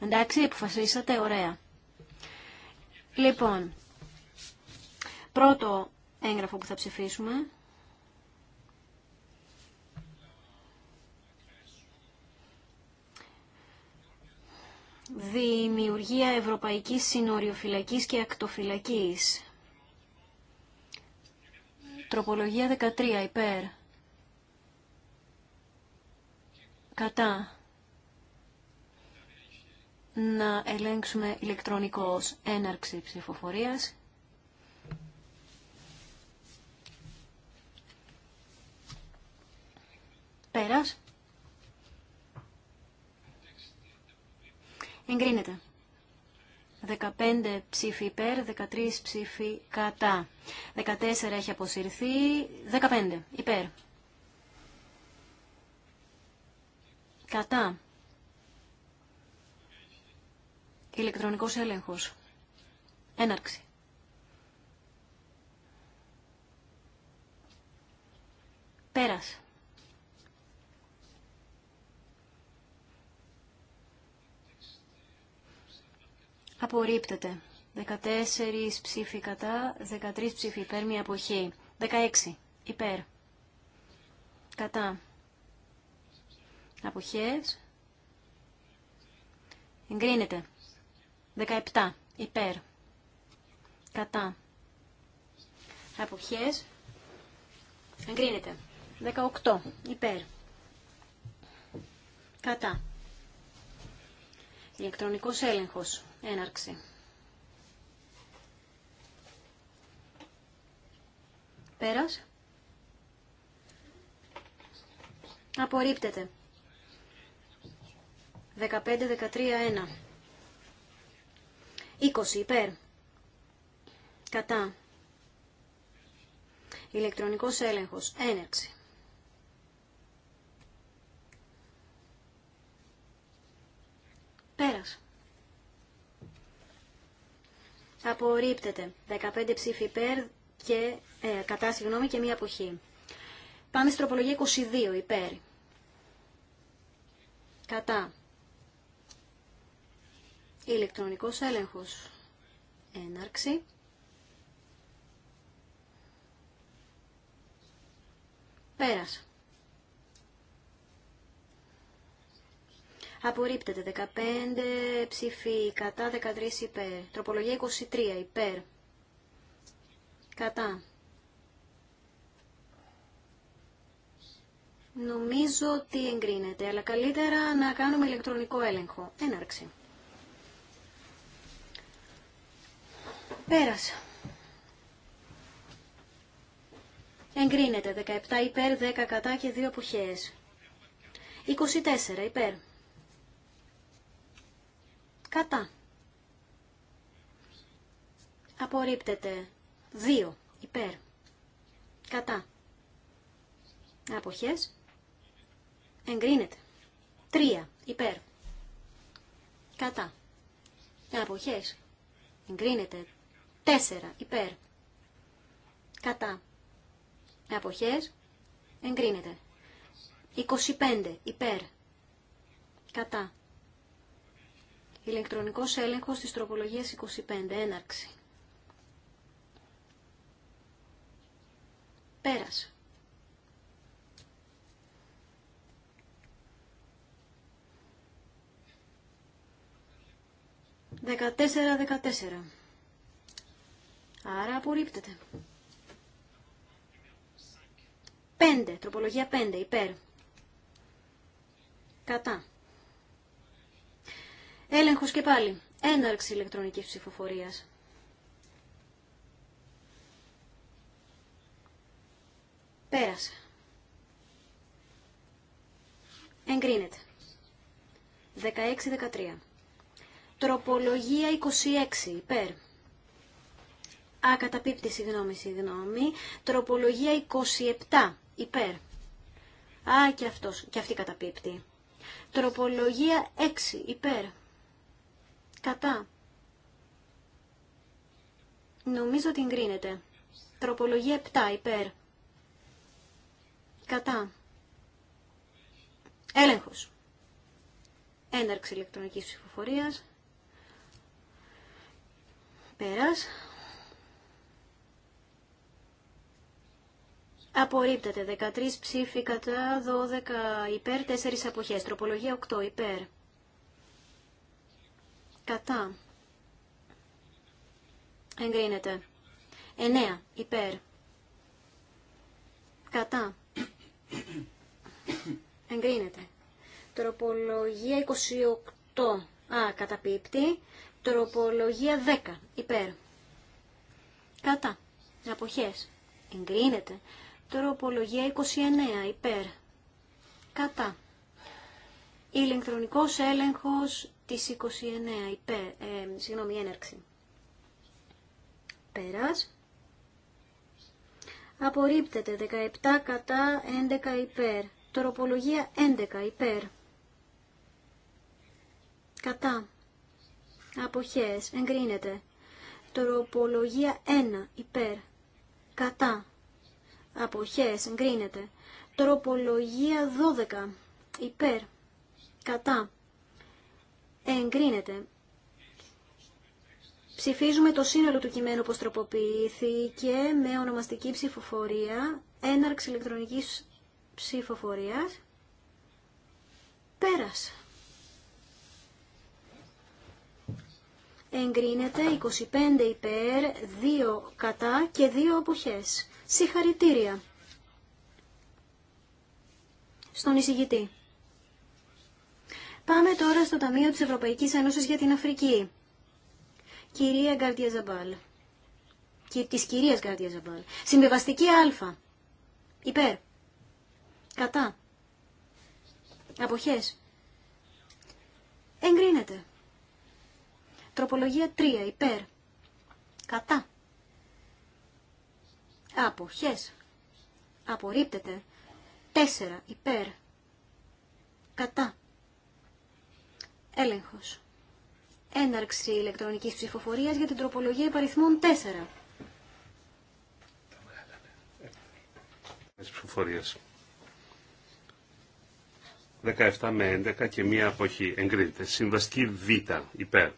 Εντάξει, αποφασίσατε, ωραία. Λοιπόν, πρώτο έγγραφο που θα ψηφίσουμε δημιουργία Ευρωπαϊκής Συνοριοφυλακής και Ακτοφυλακής. Τροπολογία 13 υπέρ. Κατά. Να ελέγξουμε ηλεκτρονικός έναρξη ψηφοφορίας. Πέρας. Εγκρίνεται. 15 ψήφοι υπέρ, 13 ψήφοι κατά. 14 έχει αποσυρθεί, 15 υπέρ. Κατά. Ηλεκτρονικός έλεγχος. Έναρξη. Πέρας. Απορρίπτεται. 14 ψήφοι κατά, 13 ψήφοι υπέρ, μία αποχή. 16 υπέρ. Κατά. Αποχές. Εγκρίνεται. 17 υπέρ. Κατά. Αποχές. Εγκρίνεται. 18 υπέρ. Κατά. Ηλεκτρονικός έλεγχος. Έναρξη. Πέρας. Απορρίπτεται. 15-13-1. 20 υπέρ. Κατά. Ηλεκτρονικός έλεγχος. Έναρξη. Πέρας απορρίπτεται. 15 ψήφοι υπέρ και, ε, κατά συγγνώμη και μία αποχή. Πάμε στην τροπολογία 22 υπέρ. Κατά. Ηλεκτρονικός έλεγχος. Έναρξη. Πέρασε. Απορρίπτεται 15 ψηφί κατά 13 υπέρ. Τροπολογία 23 υπέρ. Κατά. Νομίζω ότι εγκρίνεται, αλλά καλύτερα να κάνουμε ηλεκτρονικό έλεγχο. Έναρξη. Πέρασα. Εγκρίνεται 17 υπέρ, 10 κατά και 2 αποχές. 24 υπέρ. Κατά. Απορρίπτεται. 2. Υπέρ. Κατά. Αποχές. Εγκρίνεται. 3. Υπέρ. Κατά. Αποχές. Εγκρίνεται. 4. Υπέρ. Κατά. Αποχές. Εγκρίνεται. 25. Υπέρ. Κατά. Ηλεκτρονικός έλεγχος της τροπολογίας 25. Έναρξη. Πέρασε. Πέρας. 14-14. Άρα απορρίπτεται. 5. Τροπολογία 5. Υπέρ. Κατά. Έλεγχος και πάλι. Έναρξη ηλεκτρονικής ψηφοφορίας. Πέρασε. Εγκρίνεται. 16-13. Τροπολογία 26. Υπέρ. Α, καταπίπτει, συγγνώμη, συγγνώμη. Τροπολογία 27. Υπέρ. Α, και, αυτός, και αυτή καταπίπτει. Τροπολογία 6. Υπέρ. Κατά. Νομίζω ότι εγκρίνεται. Τροπολογία 7 υπέρ. Κατά. Έλεγχος. Έναρξη ηλεκτρονικής ψηφοφορίας. Πέρας. Απορρίπτεται 13 ψήφοι κατά 12 υπέρ, 4 αποχές. Τροπολογία 8 υπέρ. Κατά. Εγκρίνεται. 9. Υπέρ. Κατά. Εγκρίνεται. Τροπολογία 28. Α, καταπίπτει. Τροπολογία 10. Υπέρ. Κατά. Αποχές. Εγκρίνεται. Τροπολογία 29. Υπέρ. Κατά. Ηλεκτρονικός έλεγχος της 29 υπέρ, ε, συγγνώμη, έναρξη. Πέρας. Απορρίπτεται 17 κατά 11 υπέρ. Τροπολογία 11 υπέρ. Κατά. Αποχές. Εγκρίνεται. Τροπολογία 1 υπέρ. Κατά. Αποχές. Εγκρίνεται. Τροπολογία 12 υπέρ. Κατά εγκρίνεται. Ψηφίζουμε το σύνολο του κειμένου που τροποποιήθηκε με ονομαστική ψηφοφορία, έναρξη ηλεκτρονικής ψηφοφορίας. Πέρας. Εγκρίνεται 25 υπέρ, 2 κατά και 2 αποχές. Συγχαρητήρια στον εισηγητή. Πάμε τώρα στο Ταμείο της Ευρωπαϊκής Ένωσης για την Αφρική. Κυρία Γκάρτια Ζαμπάλ. Και της κυρίας Γκάρτια Ζαμπάλ. Συμβεβαστική Α. Υπέρ. Κατά. Αποχές. Εγκρίνεται. Τροπολογία 3. Υπέρ. Κατά. Αποχές. Απορρίπτεται. 4. Υπέρ. Κατά. Έλεγχο. Έναρξη ηλεκτρονική ψηφοφορία για την τροπολογία υπαριθμών 4. 17 με 11 και μία αποχή. Εγκρίνεται. Συμβαστική Β. Υπέρ.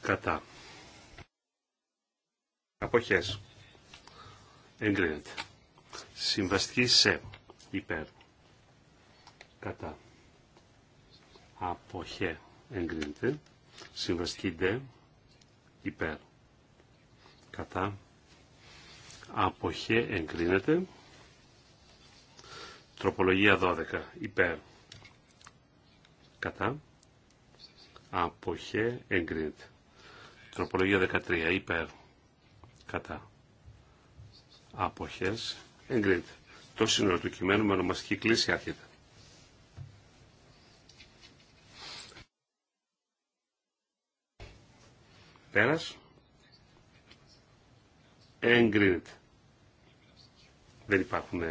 Κατά. Αποχές. Εγκρίνεται. Συμβαστική Σε. Υπέρ. Κατά αποχέ εγκρίνεται. Συμβαστική δε υπέρ κατά αποχέ εγκρίνεται. Τροπολογία 12 υπέρ κατά αποχέ εγκρίνεται. Τροπολογία 13 υπέρ κατά αποχές εγκρίνεται. Το σύνολο του κειμένου με ονομαστική κλίση άρχεται. Πέρας. Εγκρίνεται. Δεν υπάρχουν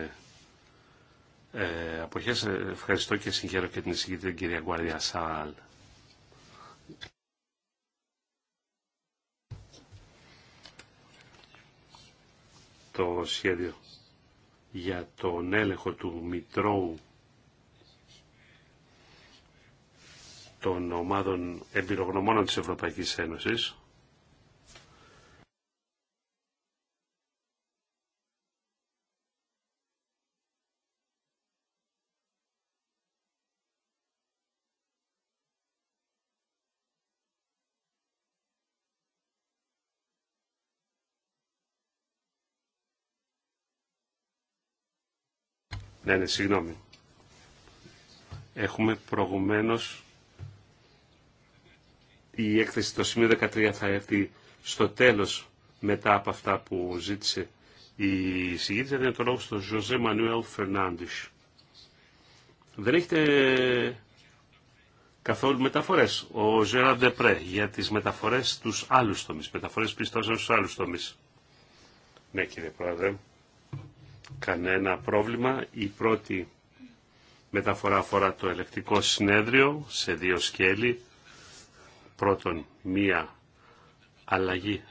ε, αποχές. Ε, ευχαριστώ και συγχαίρω και την εισηγήτρια κυρία Γκουαρδιά Σαλ. Το σχέδιο για τον έλεγχο του Μητρώου των ομάδων εμπειρογνωμόνων της Ευρωπαϊκής Ένωσης Ναι, ναι, συγγνώμη. Έχουμε προηγουμένως η έκθεση το σημείο 13 θα έρθει στο τέλος μετά από αυτά που ζήτησε η συγκίτρια είναι το λόγο στο Ζωζέ Μανουέλ Δεν έχετε καθόλου μεταφορές. Ο Ζεράν Ντεπρέ για τις μεταφορές τους άλλους τομείς, μεταφορές πιστώσεων στους άλλους τομείς. Ναι κύριε Πρόεδρε κανένα πρόβλημα. Η πρώτη μεταφορά αφορά το ελεκτικό συνέδριο σε δύο σκέλη. Πρώτον, μία αλλαγή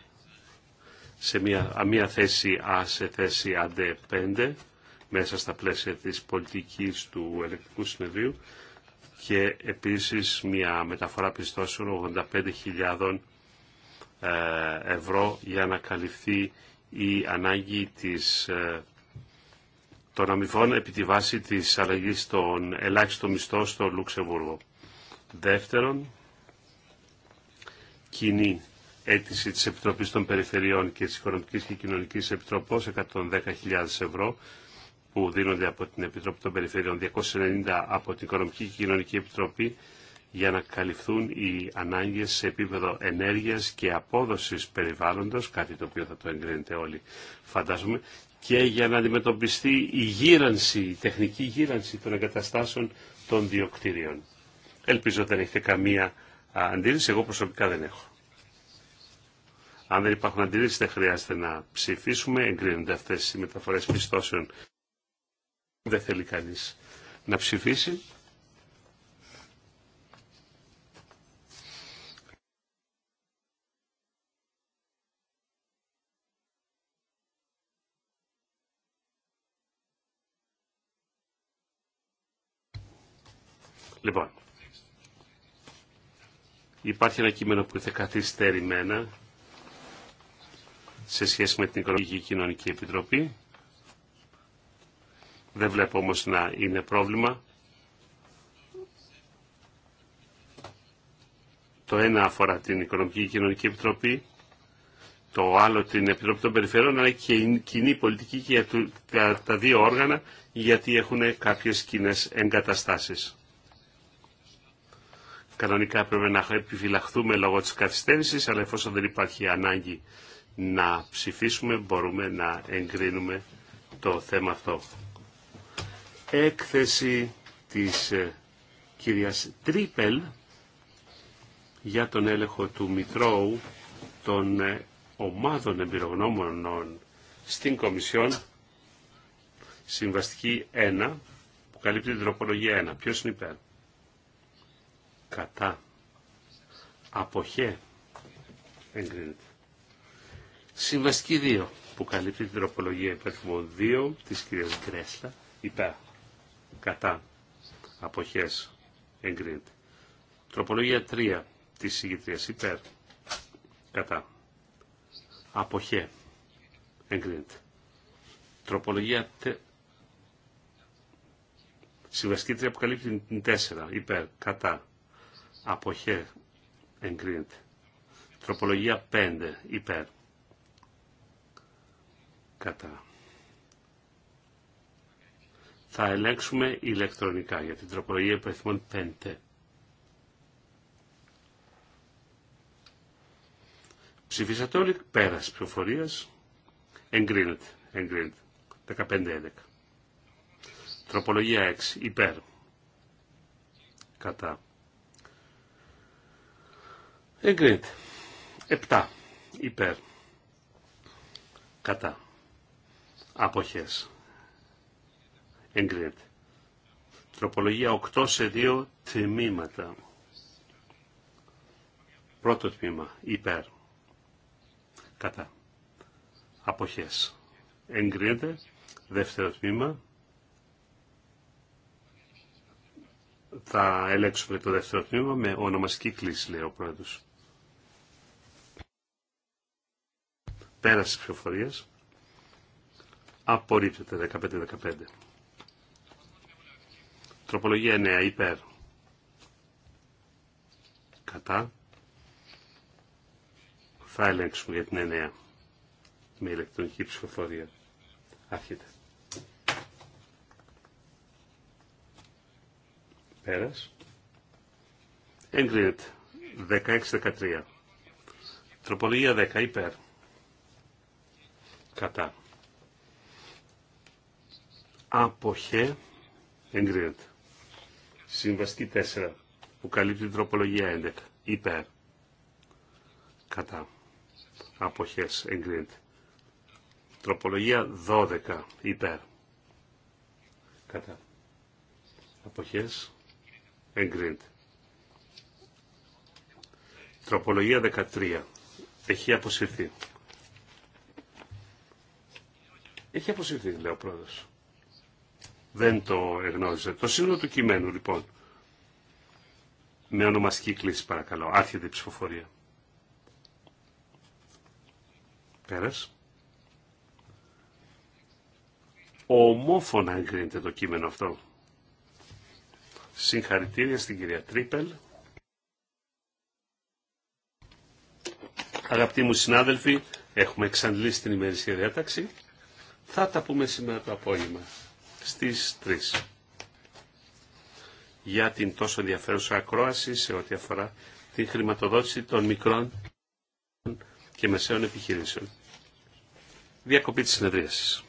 σε μία, μία θέση Α σε θέση AD5 μέσα στα πλαίσια της πολιτικής του ελεκτικού συνεδρίου και επίσης μια μεταφορά πιστώσεων 85.000 ε, ευρώ για να καλυφθεί η ανάγκη της ε, των αμοιβών επί τη βάση της αλλαγής των ελάχιστων μισθών στο Λουξεμβούργο. Δεύτερον, κοινή αίτηση της Επιτροπής των Περιφερειών και της Οικονομικής και Κοινωνικής Επιτροπής 110.000 ευρώ που δίνονται από την Επιτροπή των Περιφερειών 290 από την Οικονομική και Κοινωνική Επιτροπή για να καλυφθούν οι ανάγκες σε επίπεδο ενέργειας και απόδοσης περιβάλλοντος, κάτι το οποίο θα το εγκρίνετε όλοι φαντάζομαι, και για να αντιμετωπιστεί η γύρανση, η τεχνική γύρανση των εγκαταστάσεων των δύο Ελπίζω δεν έχετε καμία αντίληση, εγώ προσωπικά δεν έχω. Αν δεν υπάρχουν αντίλησει, δεν χρειάζεται να ψηφίσουμε, εγκρίνονται αυτές οι μεταφορές πιστώσεων. Δεν θέλει κανείς να ψηφίσει. Λοιπόν, υπάρχει ένα κείμενο που ήρθε καθυστερημένα σε σχέση με την Οικονομική και Κοινωνική Επιτροπή. Δεν βλέπω όμως να είναι πρόβλημα. Το ένα αφορά την Οικονομική και Κοινωνική Επιτροπή, το άλλο την Επιτροπή των Περιφερειών, αλλά και η κοινή πολιτική και για τα δύο όργανα, γιατί έχουν κάποιες κοινέ εγκαταστάσεις. Κανονικά πρέπει να επιφυλαχθούμε λόγω της καθυστέρησης, αλλά εφόσον δεν υπάρχει ανάγκη να ψηφίσουμε, μπορούμε να εγκρίνουμε το θέμα αυτό. Έκθεση της ε, κυρίας Τρίπελ για τον έλεγχο του Μητρώου των ε, ομάδων εμπειρογνώμων στην Κομισιόν Συμβαστική 1 που καλύπτει την τροπολογία 1. Ποιος είναι υπέρ κατά αποχέ εγκρίνεται. Συμβαστική 2 που καλύπτει την τροπολογία υπέρθυμο 2 της κυρίας Γκρέσλα υπέρ κατά αποχές εγκρίνεται. Τροπολογία 3 της συγκεκριάς υπέρ κατά αποχέ εγκρίνεται. Τροπολογία τε... Συμβαστική 3 που καλύπτει την 4 υπέρ κατά αποχέ εγκρίνεται. Τροπολογία 5 υπέρ κατά. Θα ελέγξουμε ηλεκτρονικά για την τροπολογία υπαριθμών 5. Ψηφίσατε όλοι πέρας πληροφορίας. Εγκρίνεται. Εγκρίνεται. 15-11. Τροπολογία 6. Υπέρ. Κατά. Εγκρίνεται. Επτά. υπέρ. Κατά. Αποχές. Εγκρίνεται. Τροπολογία 8 σε δύο τμήματα. Πρώτο τμήμα. Υπέρ. Κατά. Αποχές. Εγκρίνεται. Δεύτερο τμήμα. Θα ελέγξουμε το δεύτερο τμήμα με ονομαστική κλίση, λέει ο πρόεδρος. Πέραση ψηφοφορία. Απορρίπτεται 15-15. Τροπολογία 9. Υπέρ. Κατά. Θα ελέγξουμε για την 9. Με ηλεκτρονική ψηφοφορία. Άρχεται. Πέρας. Εγκρίνεται. 16-13. Τροπολογία 10. Υπέρ κατά αποχέ εγκρίνεται. Συμβαστική 4 που καλύπτει την τροπολογία 11 υπέρ κατά αποχές εγκρίνεται. Τροπολογία 12 υπέρ κατά αποχές εγκρίνεται. Τροπολογία 13 έχει αποσυρθεί. Έχει αποσυρθεί, λέει ο πρόεδρος. Δεν το εγνώριζε. Το σύνολο του κειμένου, λοιπόν. Με ονομαστική κλίση, παρακαλώ. Άρχεται η ψηφοφορία. Πέρας. Ομόφωνα εγκρίνεται το κείμενο αυτό. Συγχαρητήρια στην κυρία Τρίπελ. Αγαπητοί μου συνάδελφοι, έχουμε εξαντλήσει την ημερησία διάταξη. Θα τα πούμε σήμερα το απόγευμα στις 3 για την τόσο ενδιαφέρουσα ακρόαση σε ό,τι αφορά την χρηματοδότηση των μικρών και μεσαίων επιχειρήσεων. Διακοπή της συνεδρίασης.